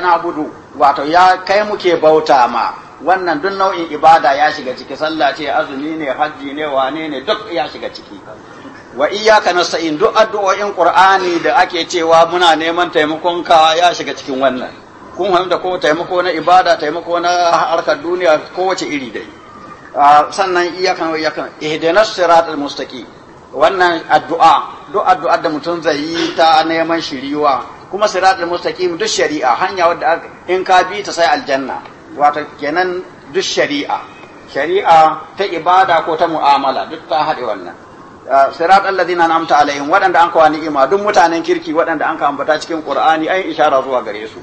na gudu wato ya kai muke bauta ma wannan duk nau'in ibada ya shiga ciki sallah ce azumi ne hajji ne wane ne duk ya shiga ciki wa na nasta'in duk addu'o'in qur'ani da ake cewa muna neman taimakonka ya shiga cikin wannan kun da ko taimako na ibada taimako na harkar duniya kowace iri dai sannan iyakan iyakan ihdinas siratal mustaqim wannan addu'a duk addu'a da mutum zai yi ta neman shiriwa kuma siratal mustaqim duk shari'a hanya wadda in ka bi ta sai aljanna wato kenan duk shari'a shari'a ta ibada ko ta mu'amala duk ta haɗe wannan sirat alladhina an'amta alaihim waɗanda an kawani ima duk mutanen kirki waɗanda an ka ambata cikin qur'ani an ishara zuwa gare su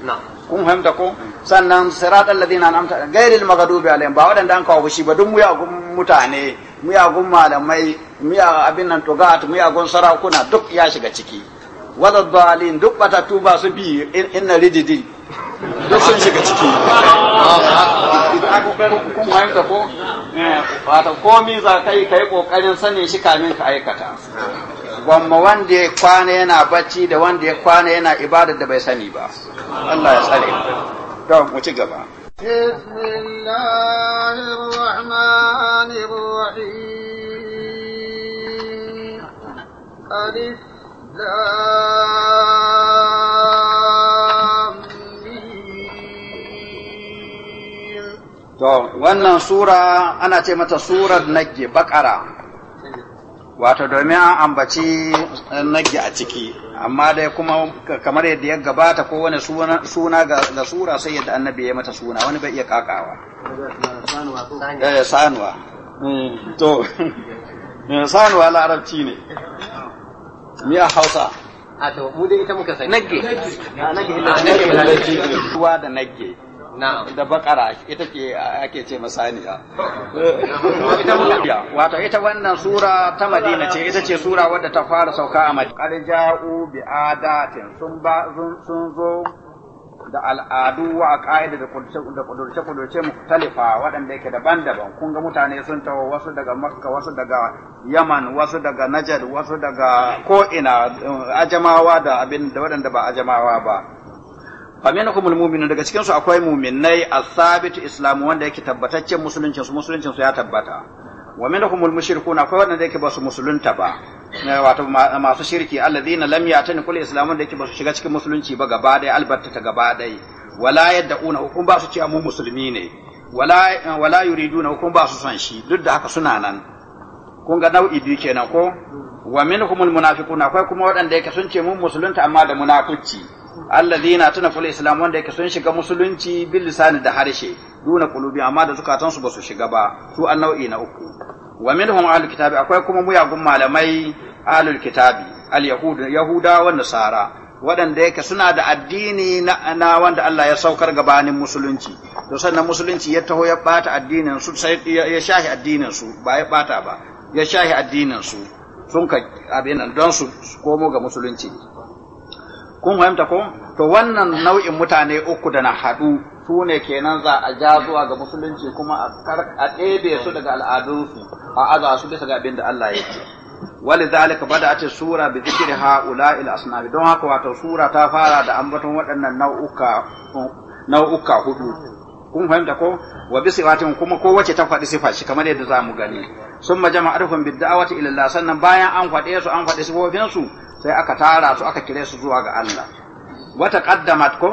kun fahimta ko sannan sirat alladhina an'amta ghairil maghdubi alaihim ba waɗanda an kawo fushi ba duk muyagun mutane muyagun malamai muyagun abin nan tugat muyagun sarakuna duk ya shiga ciki wadad duk bata tuba su bi inna rididi duk sun shiga ciki a ko wata komi za ka yi ka yi sanin shi kamin ka aikata gwamma wanda ya kwana yana bacci da wanda ya kwana yana ibada da bai sani ba Allah ya tsare don mu ci gaba To, wannan sura ana ce mata surar nagge bakara, wato domin an ambaci nagge a ciki, amma dai kuma kamar yadda ya gabata ko wani suna ga sura sai yadda annabi ya mata suna wani bai iya kakawa. Eh, sanuwa. Hmm, to, eh, sanuwa larabci ne. Miya Hausa. A mu dai ita muka sani. Nagge. Nagge. Nagge. Nagge. Nagge. Nagge. da bakara ita ke ake ce masaniya wato ita wannan sura ta madina ce ita ce sura wadda ta fara sauka a madina qad ja'u bi adatin sun ba sun zo da al'adu wa aqaida da kudurce kudurce talifa waɗanda yake daban-daban kun ga mutane sun tawo wasu daga makka wasu daga yaman wasu daga najad wasu daga ko ina ajamawa da abin da waɗanda ba ajamawa ba faminhumul mu'minu daga cikin su akwai mu'minai as-sabit islamu wanda yake tabbataccen musuluncin su musuluncin su ya tabbata wa minhumul mushrikuna akwai wanda yake ba su musulunta ba wato masu shirki alladhina lam ya'tani kullu islamu da yake ba su shiga cikin musulunci ba gaba dai albatta ta gaba dai wala yad'una hukum ba su ce mu musulmi ne wala wala yuriduna hukum ba su son shi duk da haka suna nan kun ga nau'i biyu kenan ko wa minhumul munafiquna akwai kuma waɗanda yake sun ce mu musulunta amma da munafici alladhina tunaful islam wanda yake sun shiga musulunci bil lisani da harshe duna kulubi. amma da zukatan su basu shiga ba su nau'i na uku wa minhum ahlul kitabi akwai kuma muyagun malamai ahlul kitabi al yahud yahuda wa nasara waɗanda yake suna da addini na, wanda Allah ya saukar gabanin musulunci to sannan musulunci ya taho ya bata addinin su sai ya shahi addinin su ba ya bata ba ya shahi addinin su sun ka abin don su komo ga musulunci kun fahimta ko to wannan nau'in mutane uku da na haɗu su ne kenan za a ja zuwa ga musulunci kuma a ɗebe su daga al'adunsu a aza su bisa ga abin da Allah ya ce wali zalika bada ce sura bi zikri haula ila asnaf don haka wato sura ta fara da ambaton waɗannan nau'uka nau'uka hudu kun fahimta ko wa bi sifatin kuma ko wace ta faɗi sifa shi kamar yadda za mu gani sun majama arfin bid ila Allah sannan bayan an faɗe su an faɗi sifofinsu su sai aka tara su aka kire su zuwa ga Allah wata kaddamat ko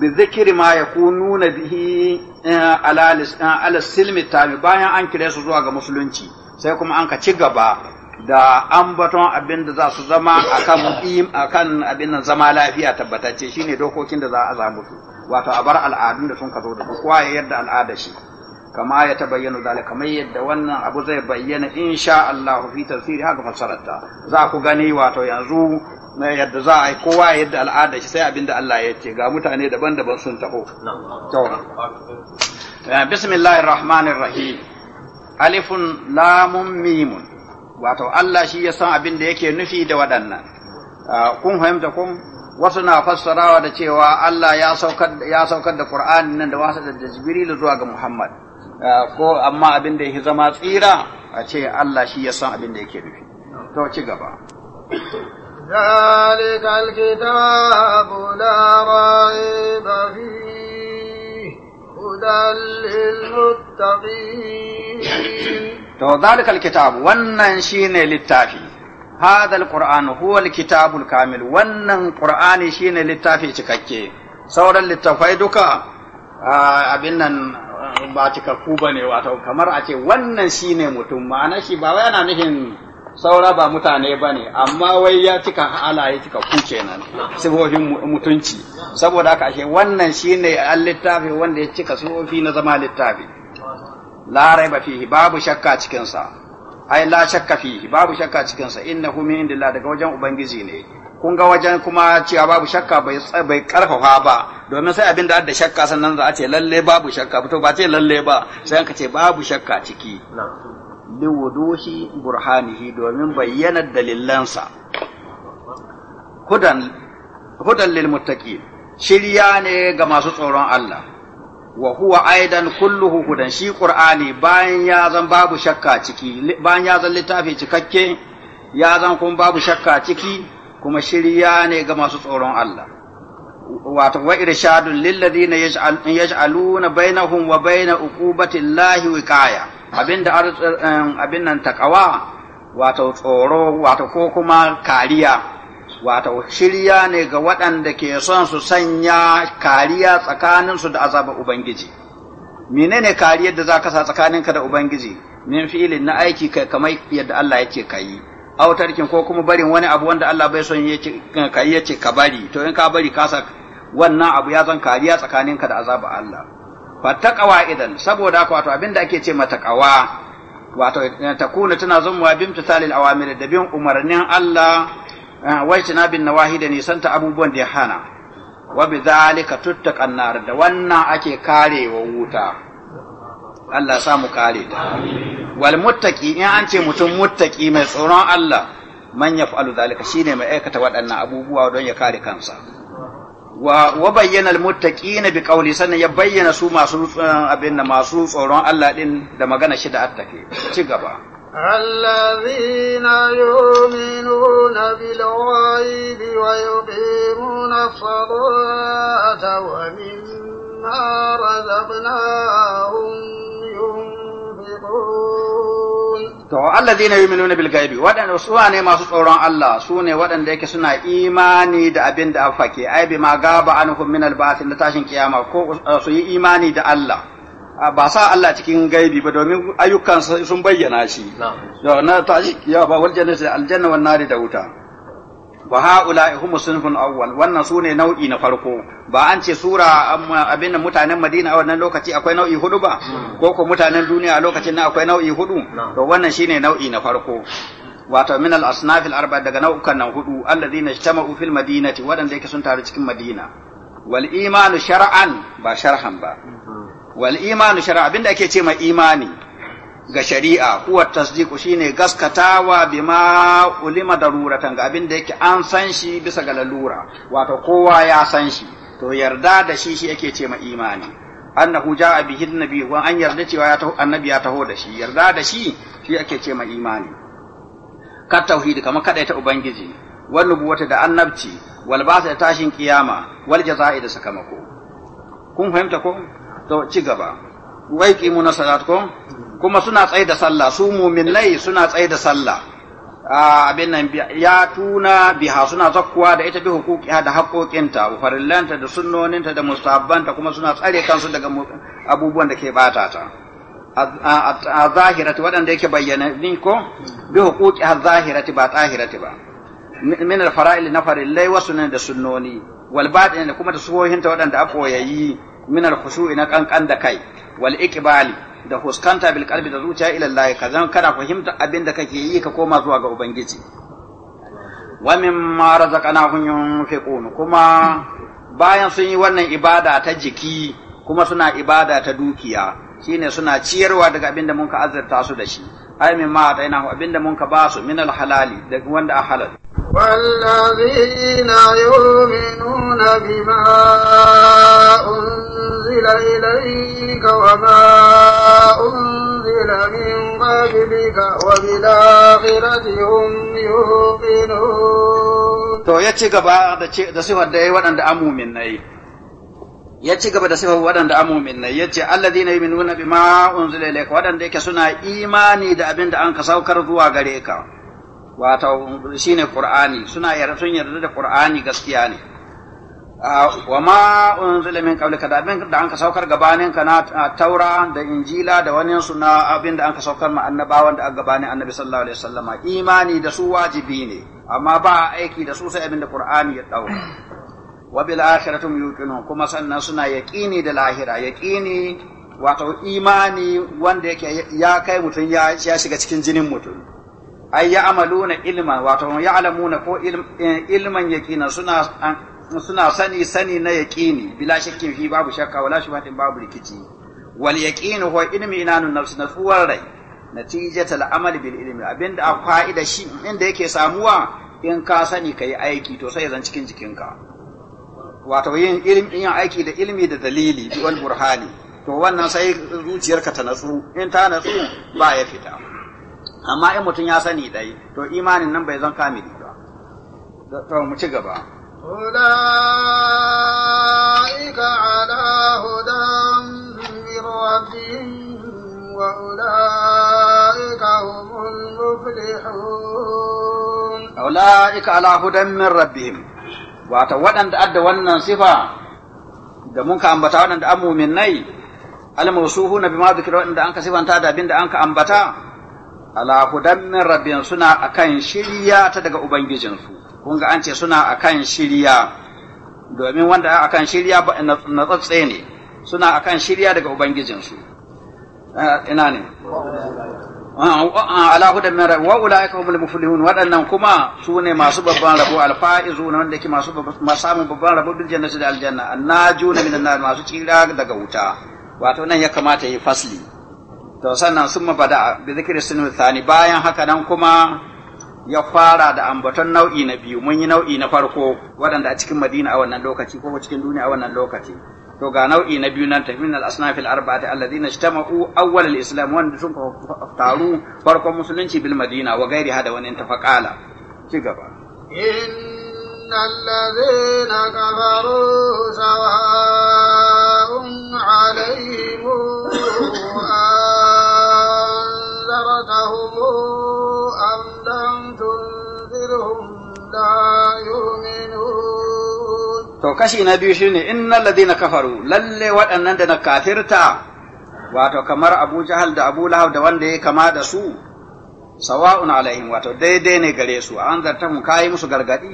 bi zikri ma yakununa bihi eh, eh, ala silmi tami bayan an kire su zuwa ga musulunci sai kuma an ka ci gaba da ambaton abin da za su zama akan akan abin nan zama lafiya tabbatacce shine dokokin da za a za su wato a bar al'adun da sun ka zo da kowa yadda al'ada shi kama ya bayyana zalika kamar yadda wannan abu zai bayyana insha Allah fi tafsiri haka fassararta za ku gani wato yanzu yadda za a yi kowa yadda al'ada shi sai abinda Allah ya ce ga mutane daban-daban sun taho to bismillahir rahmanir rahim alifun lamun mimun wato Allah shi ya san abin da yake nufi da waɗannan kun fahimta kun wasu na fassarawa da cewa Allah ya saukar da Qur'ani nan da wasu da Jibril zuwa ga Muhammad Eh, ko amma abin da yake zama tsira a ce Allah shi ya san abin da yake nufi to ci gaba ذلك الكتاب لا ريب فيه هدى للمتقين to zalikal kitab wannan shine littafi Hadal القرآن هو الكتاب kamilu. wannan qur'ani shine littafi cikakke sauran littafai duka abin nan ba cikakku ba ne wato kamar a ce wannan shi ne mutum ma'ana shi ba wai yana nufin saura ba mutane ba ne amma wai ya cika halaye cika ku kenan sifofin mutunci saboda haka ashe wannan shi ne an littafi wanda ya cika sifofi na zama littafi la raiba fihi babu shakka cikinsa ai la shakka fihi babu shakka cikinsa innahu min indillah daga wajen ubangiji ne kun ga wajen kuma cewa babu shakka bai karfafa ba domin sai abin da da shakka sannan za a ce lalle babu shakka fito ba ce lalle ba sai ka ce babu shakka ciki li burhanihi domin bayyana dalilansa hudan hudan lil shirya ne ga masu tsoron Allah wa huwa aidan kulluhu hudan shi qur'ani bayan ya zan babu shakka ciki bayan ya zan littafi cikakke ya zan kuma babu shakka ciki kuma shirya ne ga masu tsoron Allah wato wa irshadun lilladhina baina hun wa baina uqubati llahi wiqaya kaya. abin nan takawa wato tsoro wato ko kuma kariya wato shirya ne ga waɗanda ke son su sanya kariya tsakaninsu da azabar ubangiji menene kariyar da za ka sa tsakaninka da ubangiji min ilin na aiki kai kamar yadda Allah yake ka yi Autarkin ko kuma barin wani abu wanda Allah bai son ka yi ce ka bari to in ka bari ka sa wannan abu ya zan kariya tsakaninka da azaba Allah fattaqawa idan saboda haka wato abinda ake ce mata kawa wato eh, kuna tana zumuwa bin tisalil awamir da bin umarnin Allah eh, wajti na bin nawahi da ta abubuwan da ya hana wa bi zalika tuttaqan nar da wannan ake karewa wuta Allah sa mu kare ta wal in an ce mutum muttaqi mai tsoron Allah man yaf'alu zalika shine mai aikata waɗannan abubuwa don ya kare kansa wa wa bayyana al muttaqina bi qawli sannan ya bayyana su masu eh, abin da masu tsoron Allah din da magana shi da attafe ci gaba الذين يؤمنون بالغيب ويقيمون الصلاة ومما رزقناهم يتقون to alladhina yu'minuna bil ghaibi waɗanda su ne masu tsoron Allah su ne wadanda yake suna imani da abin da afake ai bi ma gaba anhum min al ba'th na tashin kiyama ko uh, su yi imani da Allah ah, ba sa Allah cikin gaibi ba domin ayyukan sun bayyana shi na tashi kiyama wal jannati al janna wan da wuta wa haula hum sunfun awwal wannan sune nau'i na farko ba an ce sura um, abin mutanen Madina a wannan lokaci akwai nau'i hudu ba ko ko mutanen duniya a lokacin nan akwai nau'i hudu to wannan shine nau'i na farko wato min al asnaf al arba daga nau'ukan nan hudu alladhina ijtama'u fil madinati wadanda yake sun taru cikin Madina wal imanu shar'an ba sharhan ba mm-hmm. wal imanu shar'a abinda ake ce ma imani ga shari'a huwa tasdiqu shine gaskatawa bima ulima daruratan ga abin da yake an san shi bisa ga lalura wato kowa ya san shi to yarda da shi shi yake ce ma imani annahu ja'a bihi annabi wa an yarda cewa ya taho annabi ya taho da shi yarda da shi shi ake ce ma imani ka tauhid kama kada ta ubangiji wal nubuwata da annabci wal ba'sa da tashin kiyama wal jaza'i da sakamako kun fahimta ko to ci gaba waiki mu na salat ko kuma suna tsaye da sallah su muminai suna tsaye da sallah abin nan ya tuna biha suna zakkuwa da ita bi hukuki da haƙoƙinta farillanta da sunnoninta da musabbanta kuma suna tsare kansu daga abubuwan da ke bata ta a zahirati waɗanda yake bayyana ni ko bi hukukiha zahirati ba tahirati ba min al-fara'il na farillai wasu ne da sunnoni wal batin da kuma da suhohinta waɗanda a koyayi min al-khushu'i na kankan da kai wal iqbali da huskanta bil qalbi da zuciya ila Allah ka zan kana fahimta abin da kake yi ka koma zuwa ga ubangiji wa mimma razaqnahum yunfiqun kuma bayan sun yi wannan ibada ta jiki kuma suna ibada ta dukiya shine suna ciyarwa daga abin da mun ka azurta su da shi ai min ma ta inahu abin da mun ka ba su min alhalali halali daga wanda a halal wallazina yu'minuna bima unzila ilayka wa ma unzila min qablika wa bil akhirati hum yuqinun to yace gaba da da sifar da yayi wadanda amumin nayi ya ci gaba da sifar waɗanda amumin nan ya ce alladina yuminuna bima unzila ilayka waɗanda yake suna imani da abin da an ka saukar zuwa gare ka wato ne ƙur'ani, suna yarda sun yarda da ƙur'ani gaskiya ne wa ma unzila min qablika da abin da an ka saukar gabanin ka na taura da injila da wani suna abin da an ka saukar ma annabawan da an gabanin annabi sallallahu alaihi wasallama imani da su wajibi ne amma ba aiki da su sai abin da ƙur'ani ya dauka wabil bil akhirati yuqinun kuma sannan suna yaqini da lahira yaqini wato imani wanda yake ya kai mutum ya shiga cikin jinin mutum ai ya amaluna ilma wato ya alamuna ko ilman yaqina suna suna sani sani na yaqini bila shakki fi babu shakka wala shubhatin babu rikici wal yaqinu huwa ilmi inanun nafsi natsuwar rai natijatal amali bil ilmi abinda a fa'ida shi inda yake samuwa in ka sani kai aiki to sai zan cikin jikinka wato yin yin aiki da ilimi da dalili biwal burhani to wannan sai zuciyarka ta natsu in ta natsu ba ya fita amma in mutum ya sani dai to imanin nan bai zan kamili ba to mu ci gaba أولئك ala hudan من wa humul muflihun ala hudan min rabbihim wata waɗanda adda wannan sifa da mun ka ambata waɗanda an nai almausuhu na bima zikira waɗanda an ka sifanta da abin da an ka ambata ala hudan min rabbin suna akan shirya ta daga ubangijinsu kun ga an ce suna akan shirya domin wanda akan shirya na tsatse ne suna akan shirya daga ubangijinsu eh, ina ne Ah, ah, ah, ala hudan min rabbi wa ulaika humul muflihun wadannan kuma sune masu babban rabo alfaizuna wanda yake masu samun babban rabo bil jannati da aljanna annajuna min annar masu tsira daga wuta wato nan ya kamata yi fasli to sannan sun mabada bi zikri sunu thani bayan haka nan kuma ya fara da ambaton nau'i na biyu mun yi nau'i na farko waɗanda a cikin madina a wannan lokaci ko cikin duniya a wannan lokaci to ga nau'i na biyu nan tafi min al-asnaf al-arba'ati alladhina ijtama'u awwal al-islam wanda sun taru farkon musulunci bil madina wa gairi hada wani tafaqala ci gaba innal ladhina kafaru sawa'un 'alayhim anzartahum am lam tunzirhum la yu'minun to kashi na biyu shi ne, shine innal na kafaru lalle waɗannan da na kafirta wato kamar Abu Jahal da Abu Lahab da wanda ya kama da su sawa'un alaihim wato daidai ne gare su an zarta mu kai musu gargadi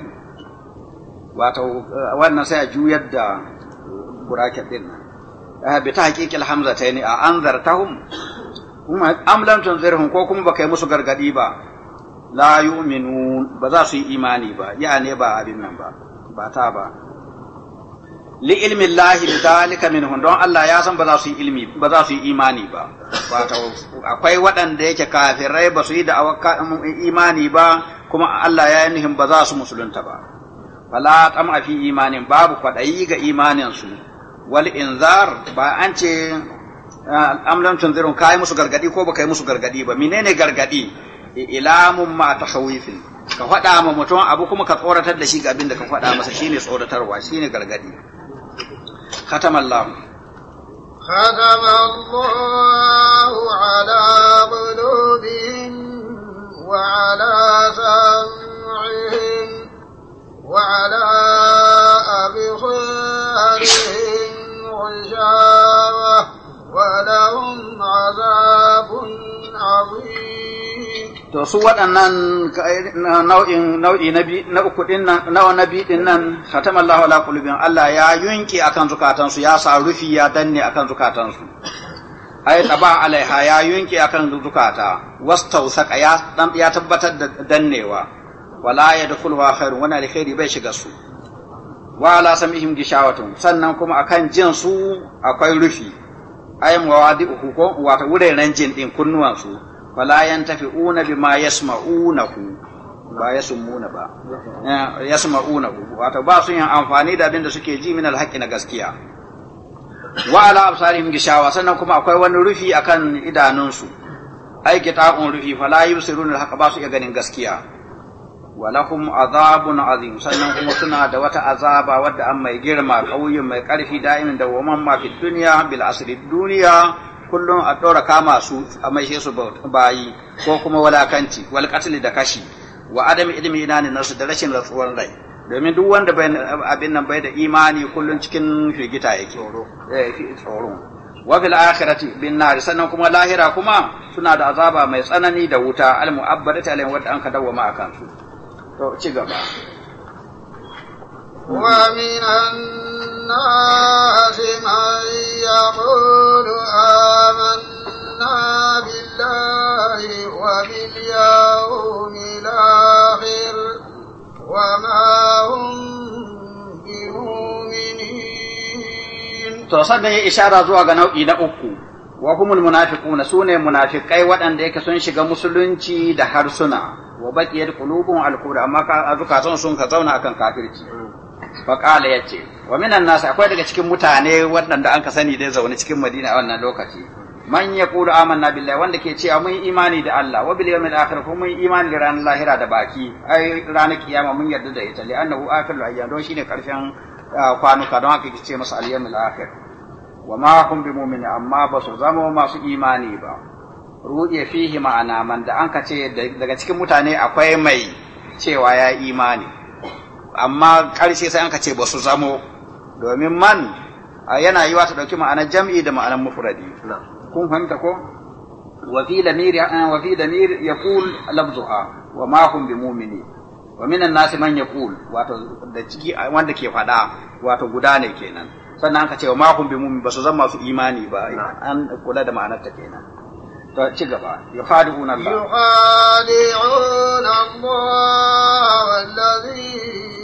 wato eh, wannan sai a juyar da buraket din nan eh, bi ta haqiqil ne a anzartahum kuma am lam tunzirhum ko kuma baka yi musu gargadi ba la yu'minun ba za su yi imani ba ya ne ba abin nan ba ba ta ba li ilmi Allah bi dalika minhum don Allah ya san ba za su yi ilmi ba za su yi imani ba akwai waɗanda yake kafirai ba su yi da um, imani ba kuma Allah ya yi nihin ba za su musulunta ba fala tam fi imanin babu kwaɗayi ga imanin su wal inzar ba an ce uh, amlan tunzirun kai musu gargadi ko ba kai musu gargadi ba menene gargadi ilamun ma tahawifin ka faɗa ma mutum abu kuma ka tsoratar da shi ga abin da ka faɗa masa shine tsoratarwa shine gargadi ختم الله ختم الله على قلوبهم وعلى سمعهم وعلى أبصارهم غشاوة ولهم عذاب عظيم to su waɗannan eh, nau'in nau'i na uku din nan nawa na bi din nan khatamallahu Allahu ala qulubin Allah ya yunki akan zukatansu ya sa rufi ya danne akan zukatansu ay taba alaiha ya yunki akan zukata wastausaka ya dan ya tabbatar da dannewa wala yadkhuluha khairun wani alkhairi bai shiga su wa ala samihim gishawatun sannan kuma akan jin su akwai rufi ay mawadi'uhu ko wata wuraren jin din kunnuwan su fala yantafi'una bima yasma'unahu ba yasmuna ba eh, yasma'unahu wato ba sun yi amfani da abin da suke ji min alhaqi na gaskiya wa ala absarihim gishawa sannan kuma akwai wani rufi akan idanunsu ai kita'un rufi fala yusiruna alhaqa ba su iya ganin gaskiya walahum azabun azim sannan kuma suna da wata azaba wadda an mai girma kauyin mai karfi da'imin da waman ma fi duniya bil asri duniya kullum a ɗora kama su a maishe su bayi ko kuma walakanci wal da kashi wa adam ilmi ina ne nasu da rashin rantsuwar rai domin duk wanda bai abin nan bai da imani kullum cikin firgita yake eh, tsoro wa fil akhirati bin nar sannan kuma lahira kuma suna da azaba mai tsanani da wuta al mu'abbadati alaihim wadda an ka dawwama akan su to ci gaba ومن الناس من يقول آمنا بالله وباليوم الآخر وما هم to sannan ya ishara zuwa ga nau'i na uku wa humul munafiquna sune munafikai waɗanda yake sun shiga musulunci da harsuna wa baqiyat qulubuhum alqura amma ka azuka sun ka zauna akan kafirci faƙala ya ce wa minan nasu akwai daga cikin mutane waɗanda an ka sani dai zaune cikin madina a wannan lokaci man ya ƙulu amanna billahi wanda ke cewa mun imani da Allah wa bil yawmil akhir kuma mun imani da ranar lahira da baki ai ranar kiyama mun yarda da ita Annabu annahu akhiru ayyam don shine karshen kwanuka don haka ce masa al yawmil akhir wa ma hum bi mu'mini amma ba su zama masu imani ba ruɗe fihi ma'ana man da an ka ce daga cikin mutane akwai mai cewa ya imani amma ƙarshe sai an ka ce ba su zamo domin man yana yi ta ɗauki ma'ana jam'i da ma'anar mufradi kun fahimta ko wa fi damir wa fi damir yaqul lafzuha wa ma hum mu'mini wa minan nasi man yaqul wato da ciki wanda ke faɗa wato guda ne kenan sannan an ka ce wa ma hum mu'mini ba su zama su imani ba an kula da ma'anar ta kenan to ci gaba yukhadi'una Allah yukhadi'una Allah wallazi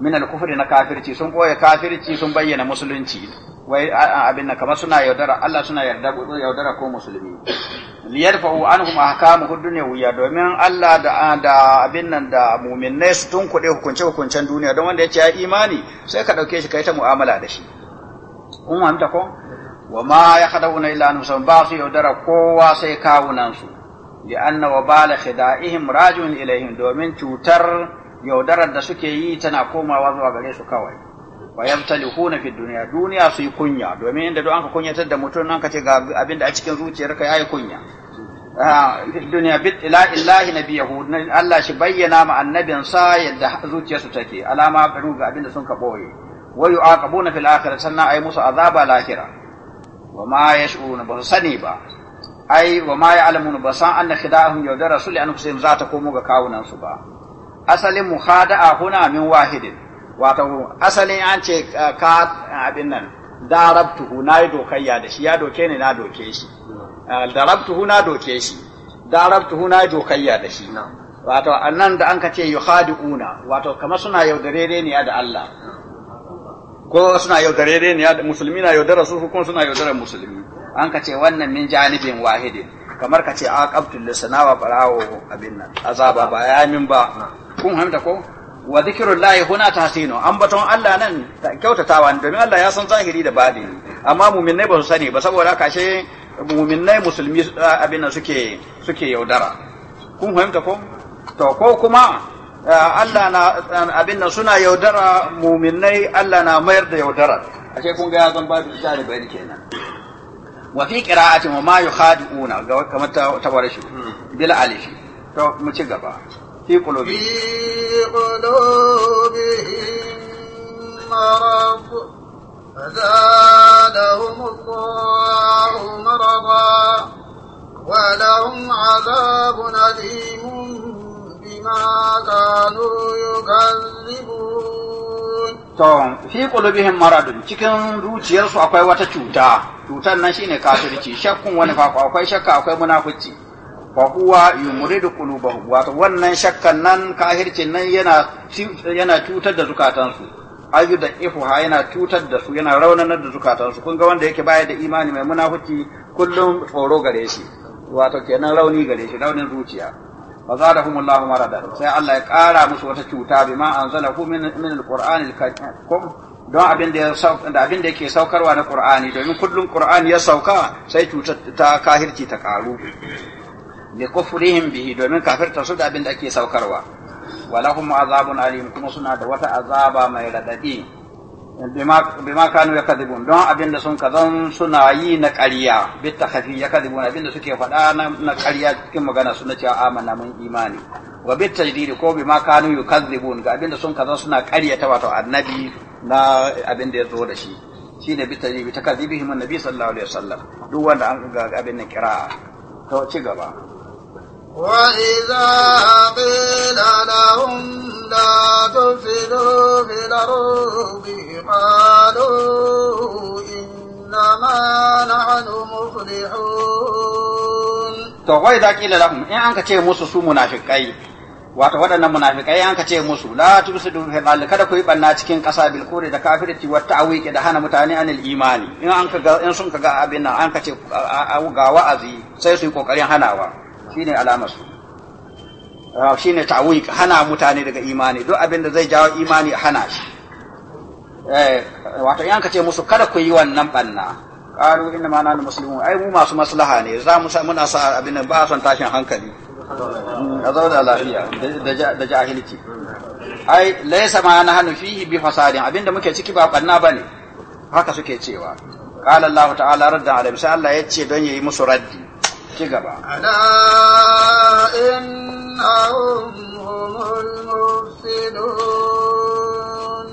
min al na kafirci sun koya kafirci sun bayyana musulunci wai abin nan kamar suna yaudara Allah suna yaudara ko musulmi liyarfa'u anhum ahkamuhu wuya domin Allah da da abin nan da muminnai su tunkuɗe hukunce hukuncen duniya don wanda ya yace ya imani sai ka ɗauke shi kai ta mu'amala da shi kun fahimta ko wa ma yakhda'una illa anfusahum ba su yaudara kowa sai kawunan su wa wabala khida'ihim rajiun ilaihim domin cutar yaudarar da suke yi tana komawa zuwa gare su kawai wa yamtalihuna fi duniya duniya su yi kunya domin inda duk an ka kunyatar da mutum an ka ce ga abinda a cikin zuciyarka yayi kunya ah, duniya bit ila illahi nabiyahu Allah shi bayyana ma annabin sa yadda zuciyarsu take alama baru ga abinda sun ka boye wa yu'aqabuna fil akhirah sannan ay musu azaba lahira wa ma yash'uruna ba sani ba ai wa ma ya'lamuna ba san anna khida'ahum yawda rasuli an kusim za ta komo ga kawunan su ba asalin mukhada'a huna min wahidin wato asalin an ce uh, ka abin nan darabtuhu na yi dokayya da shi ya doke ni na doke shi uh, darabtuhu na doke shi darabtuhu na yi dokayya da shi wato annan da an ka ce yukhadi'una wato kamar suna yaudare ne da Allah ko suna yaudare ne da musulmi na yaudara su ko suna yaudara musulmi an ka ce wannan min janibin wahidin kamar ka ce aqabtul lisana wa barawo abin nan azaba ba ya min ba kun hamta ko wa zikrullahi huna tahsinu ambaton Allah nan kyautatawa domin Allah ya san zahiri da badi amma mu'minnai ba su sani ba saboda kashe mu'minnai musulmi abin nan suke suke yaudara kun hamta ko to ko kuma Allah na abin nan suna yaudara mu'minnai Allah na mayar da yaudara ashe kun ga ya zan babu tsari bayani kenan wa fi qira'ati ma yukhadi'una kamar ta tabarashi bil alifi to mu ci gaba في قلوبهم في قلوبهم مرض فزادهم الله مرضا ولهم عذاب أليم بما كانوا يكذبون to fi qulubihim maradun cikin zuciyarsu akwai wata cuta cutar nan shine kafirci shakkun wani fafa akwai shakka akwai munafici wa huwa yumridu qulubahum wato wannan shakkan nan kahircin nan yana yana cutar da zukatansu ayu da ifuha yana cutar da su yana raunanar da zukatansu kun ga wanda yake baya da imani mai munafiki kullum tsoro gare shi wato kenan rauni gare shi raunin zuciya fa zadahum Allah marada sai Allah ya kara musu wata cuta bima anzalahu min min alqur'an don abin da da abin yake saukarwa na qur'ani domin kullum qur'ani ya sauka sai cutar ta kahirci ta karu bi kufrihim bihi domin kafirta su da abin ake saukarwa walahum azabun alim kuma suna da wata azaba mai radadi bima kanu yakadibun don abin sun kazan suna yi na ƙarya bi takhafi yakadibun abin da suke faɗa na ƙarya cikin magana suna cewa amana mun imani wa bi tajdidi ko bima kanu yakadibun ga abin sun suna na abin da ya zo da shi shine bi tajdidi takadibihim annabi sallallahu alaihi wasallam duk wanda an ga abin kira kira'a to ci gaba وإذا قيل لهم لا تفسدوا في الأرض قالوا إنما نحن مصلحون to wai da kila lahum in an ka ce musu su munafikai wato waɗannan munafikai an ka ce musu la tubsidu fi al kada ku yi banna cikin ƙasa bil kuri da kafirci wa ta'wiki da hana mutane anil imani in an ka in sun ka ga abin nan an ka ce ga wa'azi sai su yi kokarin hanawa Shi ne alamarsu su ah, ne ta'wiq hana mutane daga imani duk abin da zai jawo imani hana shi eh, wato in ka ce musu kada ku yi wannan banna qalu inda ma nanu musulmi ai mu masu maslaha ne za mu muna sa abin nan ba son tashin hankali mm, a zauna lafiya da jahilci ai laysa ma hannu fihi bi fasadin abinda muke ciki ba banna bane haka suke cewa qala allah ta'ala radda alaihi sai allah ya ce don yi musu raddi ci gaba ala innahum humul mufsidun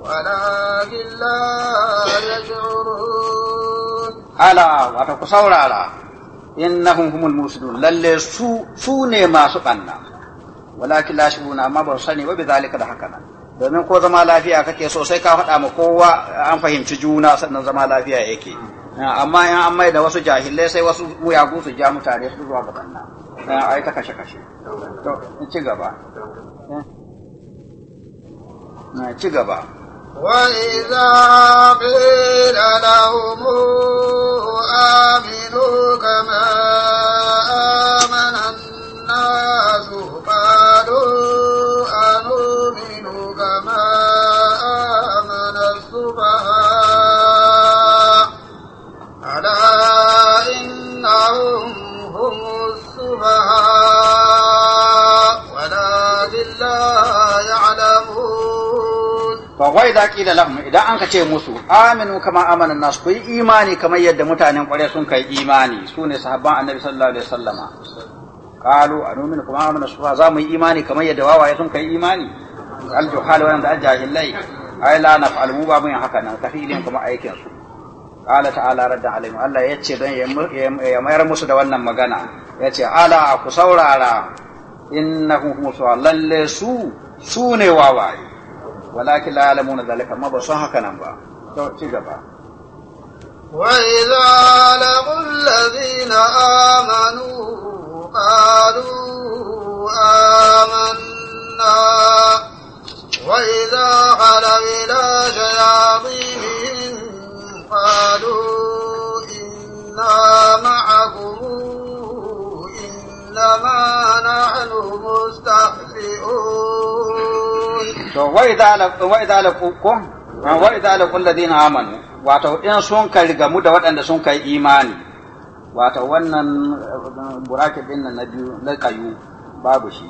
walakin la yaj'urun. ala wata ku saurara innahum humul mufsidun lalle su su ne masu banna walakin la yash'urun amma ba sani ba bi zalika da haka nan domin ko zama lafiya kake so sai ka faɗa ma kowa an fahimci juna sannan zama lafiya yake amma in an mai da wasu jahilai sai wasu muyagu su ja mutane su zuwa ga banna a eh, ai ta kashe kashe to in ci gaba eh, eh, ci gaba qila lahum aminu kama amana آمن الناس قالوا أنؤمن kama amana السبحان ألا إنهم هم السفهاء ولكن لا يعلمون فوإذا قيل لهم إذا أنك شيء مسو آمنوا كما آمن الناس كي إيماني كما يد متعنين قريسون كي إيماني سوني صحابة النبي صلى الله عليه وسلم قالوا أنؤمن كما آمن السفهاء زاموا إيماني كما يد واوا كي إيماني الجحال وأنا الجاهلين أي لا نفعل مو بابين هكذا تفيلين كما أيكين سو qala ta'ala radda alaihim Allah ya ce don ya mayar musu da wannan magana ya ce ala ku saurara innahum musu lalle su su ne wawaye walakin la alamuna zalika amma ba su haka nan ba to ci gaba وإذا لقوا الذين آمنوا قالوا آمنا وإذا خلوا إلى شياطينهم قالوا إنا معكم إنما نحن مستهزئون وإذا لكم وإذا لكم الذين آمنوا wato in sun kai rigamu da waɗanda sun kai imani wato wannan eh, burakin din na biyu na kayu babu shi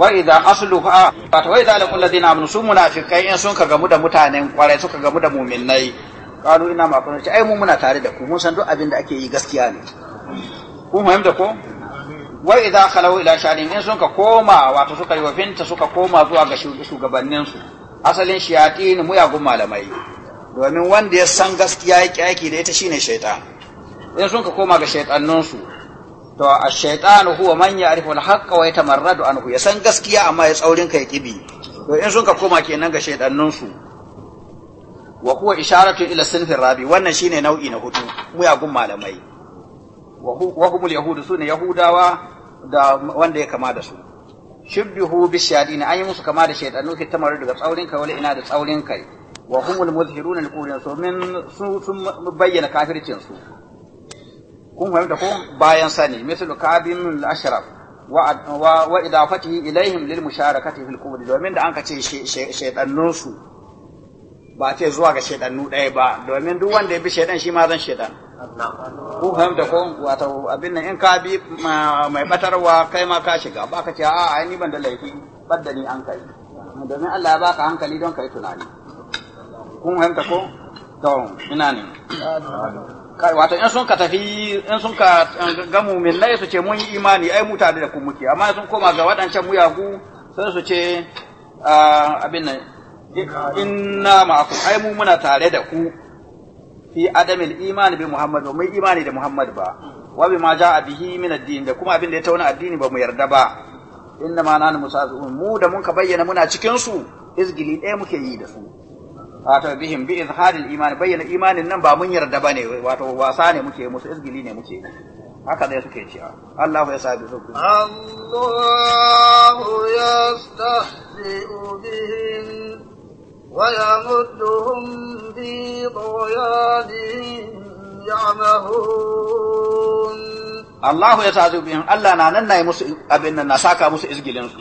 wa idza asluha wato wa idza alladheena ladina amanu sun munafiqai in sun kai gamu da mutanen kwarai suka gamu da mu'minnai Kalu ina ma kunna ai mu muna tare da ku mun san duk abin da ake yi gaskiya ne kun fahimta ko wa idza khalau ila sha'anin in sun ka koma wato suka yi wa wafinta suka koma zuwa ga shugabannin su asalin shayatin muyagun malamai domin wanda ya san gaskiya ya kyaki da ita shine shaytan in sun ka koma ga shaitannin su to a shaitanu huwa man ya'rifu al-haqqa wa yatamarradu anhu ya san gaskiya amma ya tsaurin kai kibi to in sun ka koma kenan ga shaitannin su wa huwa isharatu ila sinfin rabi wannan shine nau'i na hudu muyagun malamai wa humul yahudu ne yahudawa da wanda ya kama da su shubbihu bishadin an yi musu kama da shaytanu ke tamar daga tsaurin kai wala ina da tsaurin kai wa humul muzhiruna alqurin so min su sun bayyana kafircin su kun fahimta ko bayan sani misal kabim al-ashraf wa wa idafatihi ilaihim lil musharakati fil domin da an ka ce shaytanun su ba ce zuwa ga shaidannu ɗaya ba domin duk wanda ya bi shaidan shi ma zan shaidan ku fahimta ko wata abin nan in ka bi mai batarwa kai ma ka shiga ba ka ce a a ni ban da laifi badda ni an kai domin Allah ya baka hankali don kai tunani kun fahimta ko to ina ne wato in sun ka tafi in sun ka eh, gamu min lai su ce mun yi imani ai mutane da ku muke amma sun koma ga waɗancan muyagu sai su ce ah, abin nan inna ma'akum ai mu muna tare da ku fi adamil imani bi muhammad ba imani da muhammad ba wa bi ma ja'a bihi min ad-din da kuma abin da ya tauna addini ba mu yarda ba inna ma nanu musa'un mu da mun ka bayyana muna cikin su izgili ɗaya muke yi da su wato bihim bi izharil iman bayyana imanin nan ba mun yarda bane wato wasa ne muke musu izgili ne muke haka dai suke cewa Allahu ya sabi su Allahu yastahzi bihim ويمدهم في طغيانهم يعمهون الله يتعذ بهم الله نانن ناي مسو ابن نا ساكا مسو ازغلين سو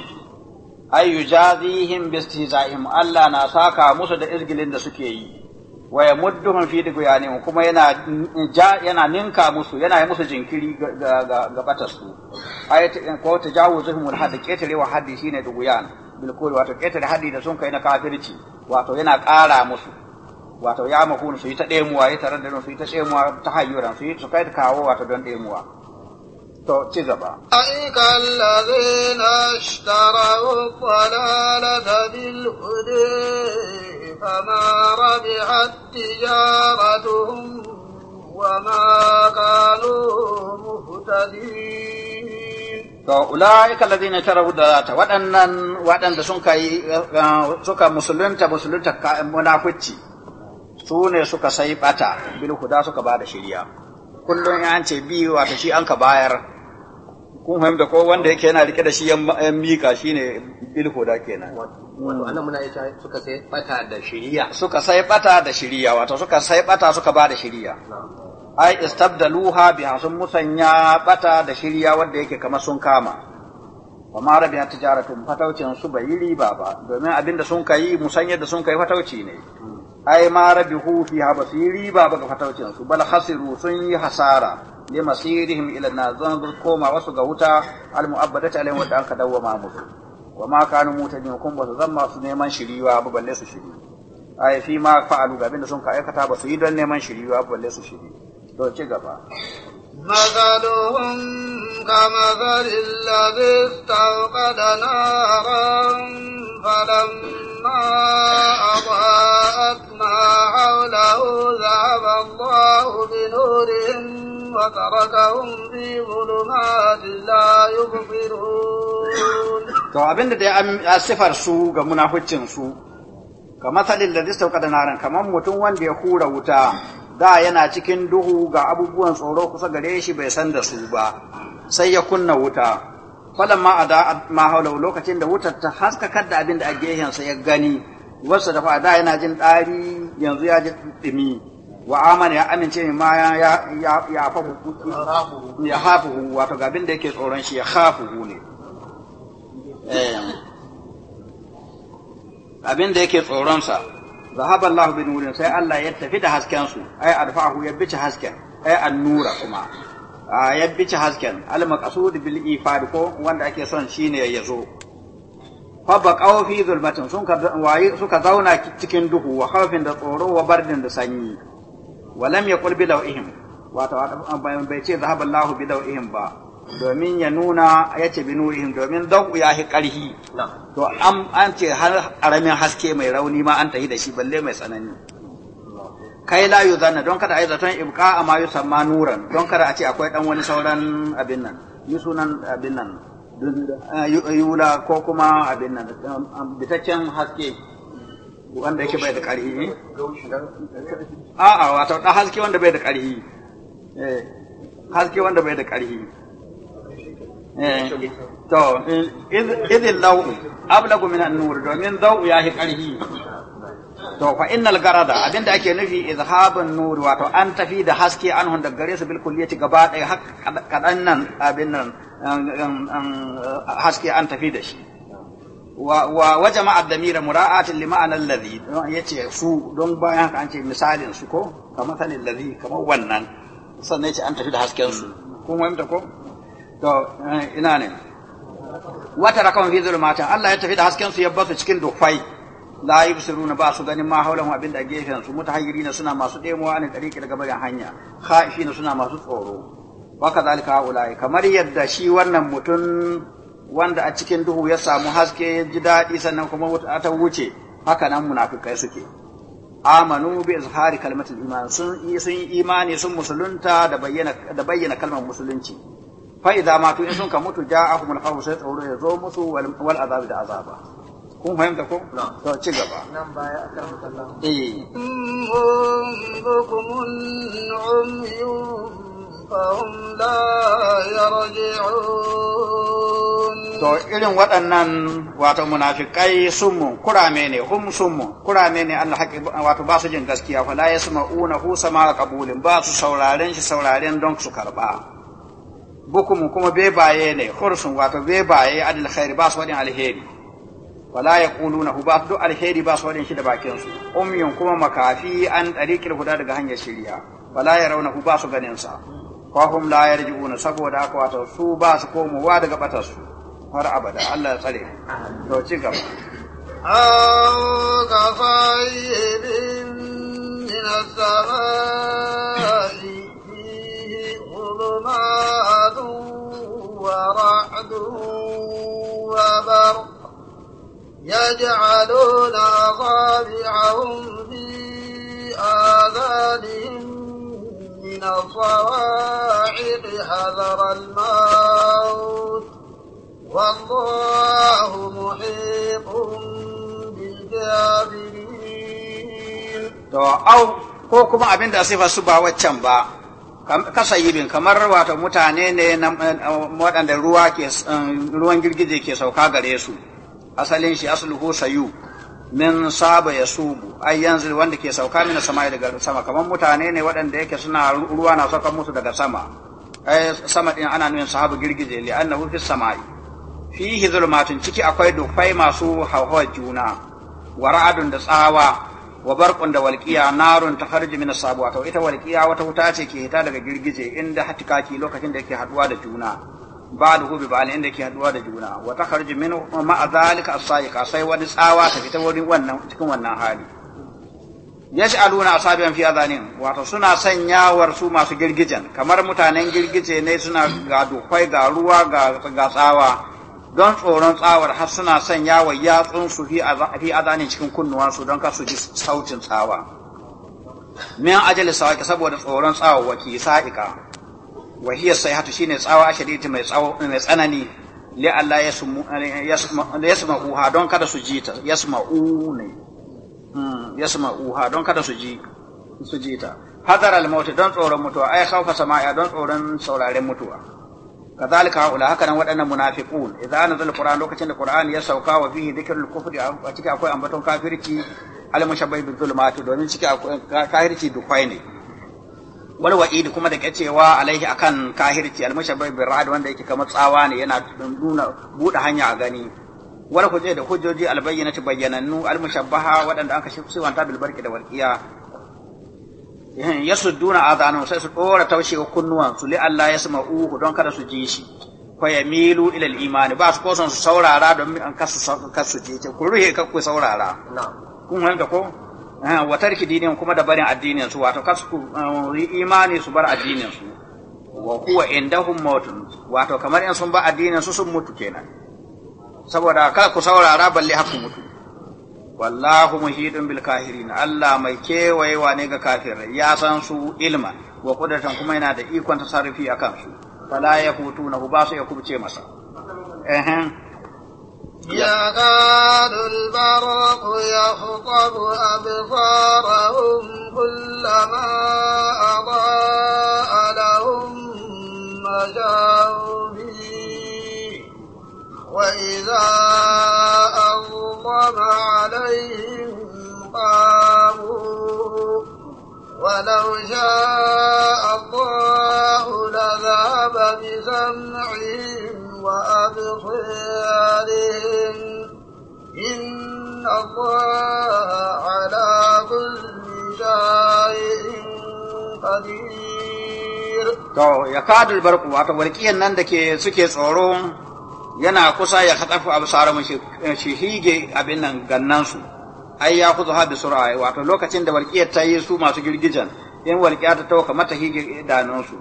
اي يجازيهم باستهزائهم الله نا ساكا مسو da izgilin da suke yi wa yamudduhum fi dighyanihim kuma yana ninka musu yana yi musu jinkiri ga ga ga batarsu ayat ko tajawuzuhum al hadd ketare wa haddi shine dighyan bilkul wato da hadi da sun kai na kafirci wato yana ƙara musu wato ya mahun su yi ta ɗemuwa ya tarar da su yi ta ɗemuwa ta hayyuran su yi su kai kawo wato don ɗemuwa to ci gaba ai aika allazina ishtaraw dalalata bil hudi fama rabihat tijaratuhum ma كانوا muhtadin To, ula'ika ladina tarahu dalata waɗannan waɗanda sun kai eh, eh, suka musulunta musulunta munafici su ne suka sai bata bil huda suka ba da kullun kullum ya ce bi wato shi an ka bayar kun fahimta ko wanda yake yana rike da shi ya mika shine bil huda kenan wato annan muna yace suka sai bata da shiriya suka sai bata da shiriya wato suka sai bata suka ba da shiriya ai istabdaluha biha sun musanya bata da shirya wanda yake kamar sun kama wa ma rabiha tijaratun fataucin su bai yi riba ba domin abinda sun kai musanyar da sun kai fatauci ne ai ma rabihu hufi ba su yi riba ba ga fataucin su bal khasiru sun yi hasara ne masirihim ila nazan koma wasu ga wuta al mu'abbadati alaihim wa an kadawwama musu wa ma kanu mutajin kun ba su zama su neman shiriwa ba balle su shiri ai fi ma fa'alu ga abinda sun ka aikata ba su yi don neman shiriwa ba balle su shiri to ci gaba كمثل الذي استوقد نارا فلما أضاءت ما حوله ذهب الله بنورهم وتركهم في ظلمات لا يبصرون to abinda da ya sifar su ga munafucin ka da zai sauka da naran kamar mutum wanda ya hura wuta da yana cikin duhu ga abubuwan tsoro kusa gare shi bai san da su ba sai ya kunna wuta falan ma ada ma haula lokacin da wutar ta haskakar da abin da a gehen sa ya gani wasu da fa da yana jin dari yanzu ya ji dimi wa amana ya amince mai ma ya ya ya fafu ya hafu wato ga abin da yake tsoron shi ya hafu ne eh abin da yake tsoron sa zahaba Allah bi sai Allah ya tafi da hasken su ay arfa'ahu ya bice hasken ay annura kuma hasken al maqsud bil ifad ko ake son shine ya zo fa baqaw suka zauna cikin duhu wa da tsoro wa sanyi ba domin ya nuna ya ce bi nurihim domin dauku ya fi ƙarhi to an ce har aramin haske mai rauni ma an tahi da shi balle mai tsanani kai la yuzanna don kada ai zaton ibqa amma yusamma nuran don kada a ce akwai dan wani sauran abin nan yi sunan abin nan eh, yula ko kuma abin nan um, bitaccen haske wanda yake bai da ƙarhi a'a wato dan haske wanda bai da ƙarhi eh, haske wanda bai da ƙarhi to idin lau ablagu min an-nur domin dau ya hi karhi to fa innal garada abinda ake nufi izhabun nur wato an tafi da haske an hun daga gare su bil kulliyati gaba ɗaya har kadan nan abin nan haske an tafi da shi wa wa jama'a damira mura'atin li ma'ana alladhi yace su don bayan haka an ce misalin su ko kamar sanin alladhi kamar wannan sannan yace an tafi da hasken su kun fahimta ko to eh, ina ne wata rakawan fi matan Allah ya tafi da hasken su ya basu cikin dukkai la yubsiruna ba su ganin ma haulan abin da gefen su mutahayyirina suna masu demowa ne dariƙi daga bayan hanya khaifina suna masu tsoro wa kadhalika ulai kamar yadda shi wannan mutum wanda a cikin duhu ya samu haske ji daɗi sannan kuma ta wuce haka nan munafikai suke amanu bi izhari kalmatul iman sun sun imani sun musulunta da bayyana kalmar musulunci fa idza matu in sun ka mutu ja'ahumul khawf sai tsoro ya zo musu wal azab da azaba kun fahimta ko to ci gaba nan baya akan sallah eh فهم لا يرجعون to irin waɗannan wato munafikai summu kurame ne hum summu kurame ne Allah haƙi wato ba su jin gaskiya fa la yasma'una hu sama qabulin ba su sauraren shi sauraren don su karba bukum kuma be baye ne hursun wato bebaye adil khair ba su wadin alheri wala yaquluna hu ba su alheri ba su wadin shi da bakin su umyun kuma makafi an tariqil huda daga hanyar shiriya wala yarawna hu ba su ganin sa fa hum la yarji'una saboda haka wato su ba su komowa daga batar su har abada Allah ya tsare to ci gaba أو كصيب من السماء ظلمات ورعد وبر يجعلون أصابعهم في آذانهم من الصواعق حذر الموت والله محيط بالكافرين. أو ko kuma abin da sifa su ba Kasa yibin kamar wato mutane ne eh, waɗanda ke eh, ruwan girgije ke sauka gare su asalin shi asluhu sayu min saba ya subu ai yanzu wanda ke sauka mina sama daga sama kamar mutane ne waɗanda yake suna ruwa na sauka musu daga sama ai sama din ana nuna sahabu girgije li annahu fi sama'i fihi zulmatun ciki akwai dufai masu hauhawar juna wa adun da tsawa wa barqun da walqiya narun ta min as wato ita walqiya wata wuta ce ke hita daga girgije inda ke lokacin da yake haduwa da juna ba'da hubi bi ba'al inda yake haduwa da juna wa ta min ma zalika asayika sai wani tsawa ta fita wurin wannan cikin wannan hali yaj'aluna asabiyan fi adhanin wato suna sanyawar su masu girgijen kamar mutanen girgije ne suna ga dukwai ga ruwa ga tsawa don tsoron tsawar har suna sanya wa yatsunsu fi azanin cikin kunnuwansu don kar su ji sautin tsawa min ajali sawaki saboda tsoron tsawa waki sa'ika wa hiya sayhatu shine tsawa shadidi mai mai tsanani li Allah ma’uha don kada su ji ta ma’u ne hmm, ma’uha don kada su ji ta hadar al-maut don tsoron mutuwa ai khawfa sama'a don tsoron sauraren mutuwa كذلك هؤلاء هكذا munafiqun. Idan اذا نزل القران لوكتين القران ya sauka wa fihi dhikrul kufri a ciki akwai ambaton kafirci al mushabbah bil zulumat domin cikin akwai kafirci dukwai ne wal wa'id kuma da kacewa alaihi akan kafirci al mushabbah bil ra'd wanda yake kamar tsawa ne yana nuna bude hanya a gani wal hujja da hujjoji albayyana bayyinati bayyanannu al waɗanda wadanda aka shi siwanta bil barki da walqiya yasudduna adanu sai su dora taushewa kunnuwan su li Allah ya uhu don kada su ji shi fa yamilu ila al-iman ba su kosan su saurara don an kasu kasu ji ce ku ruhe kakku saurara kun wanda ko eh, wa tarki dinin kuma da barin addinin su wato kasu ku imani su bar addinin su wa huwa indahum mautun wato kamar in sun ba addinin su sun mutu kenan saboda kala ku saurara balle haku mutu wallahu muhidun bil kafirin Allah mai kewayewa ne ga kafirai ya san su ilma wa qudratan kuma yana da ikon tasarrufi akan su fala na ba su ya kubce masa Ya eh ya ya يخطب أبصارهم كلما أضاء لهم مشوا wa idha ولو شاء الله لذهب بسمعهم وأبصارهم إن الله على كل شيء قدير to ya kadul barku wato walƙiyan nan da ke suke tsoro yana kusa ya katsafu abu saramu shi abin nan ai ya kuzo ha bi sur'a wato lokacin da walƙiyar ta yi su masu girgijan in walƙiya ta tauka mata hige idanunsu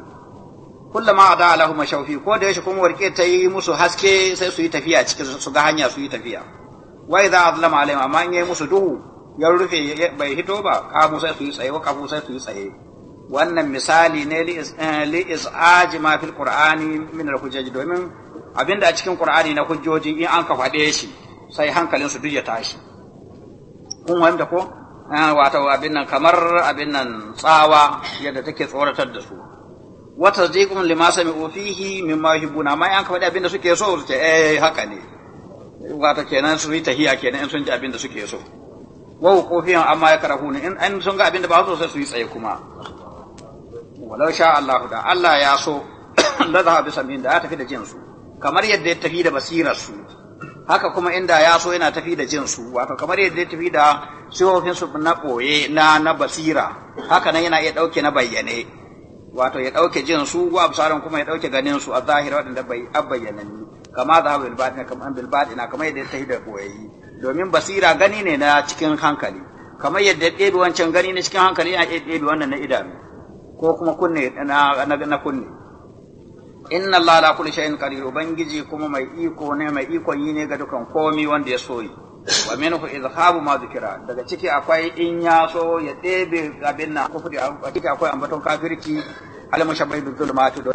kullama ada alahum shawfi ko da yashi kuma walƙiyar ta yi musu haske sai su yi tafiya cikin su ga hanya su yi tafiya Wai za a alaihim amma in yi musu duhu ya rufe bai hito ba kamu sai su yi tsaye kamu sai su yi tsaye wannan misali ne li is'aji eh, ma fil qur'ani min al hujjaj domin abinda a cikin qur'ani na hujjoji in an ka faɗe shi sai hankalinsu duk ya tashi kun wanda ko ah, wato abin nan kamar abin nan tsawa yadda take tsoratar da su wata zikun lima sami ofihi min ma yuhibbuna amma an kafa abin da suke so su ce eh haka ne wato kenan su yi tahiya kenan in sun ji abin da suke so wa wuqufiyan amma ya karahuna in an sun ga abin da ba su so su yi tsaye kuma walau sha Allah da Allah ya so la za bi sami da ya tafi da jinsu kamar yadda ya tafi da basirar su haka kuma inda ya so yana tafi da jinsu wato kamar yadda ya tafi da su na ɓoye na na basira haka nan yana iya ɗauke na bayyane wato ya ɗauke jinsu wa absaran kuma ya ɗauke ganinsu a zahira waɗanda bai abbayyananni kama za bil batina kama bil batina kamar yadda ya tafi da ɓoyayyi domin basira gani ne na cikin hankali kamar yadda ya ɗebe wancan gani na cikin hankali yana iya wannan na idanu ko kuma kunne na kunne inna Allah la kulli shay'in qadir ubangiji kuma mai iko ne mai iko yi ne ga dukan komi wanda ya soyi wa minhu izhabu ma dhikira daga ciki akwai in ya so ya ɗebe gabin nan kufri ciki akwai ambaton kafirci al mushabbih bil zulmati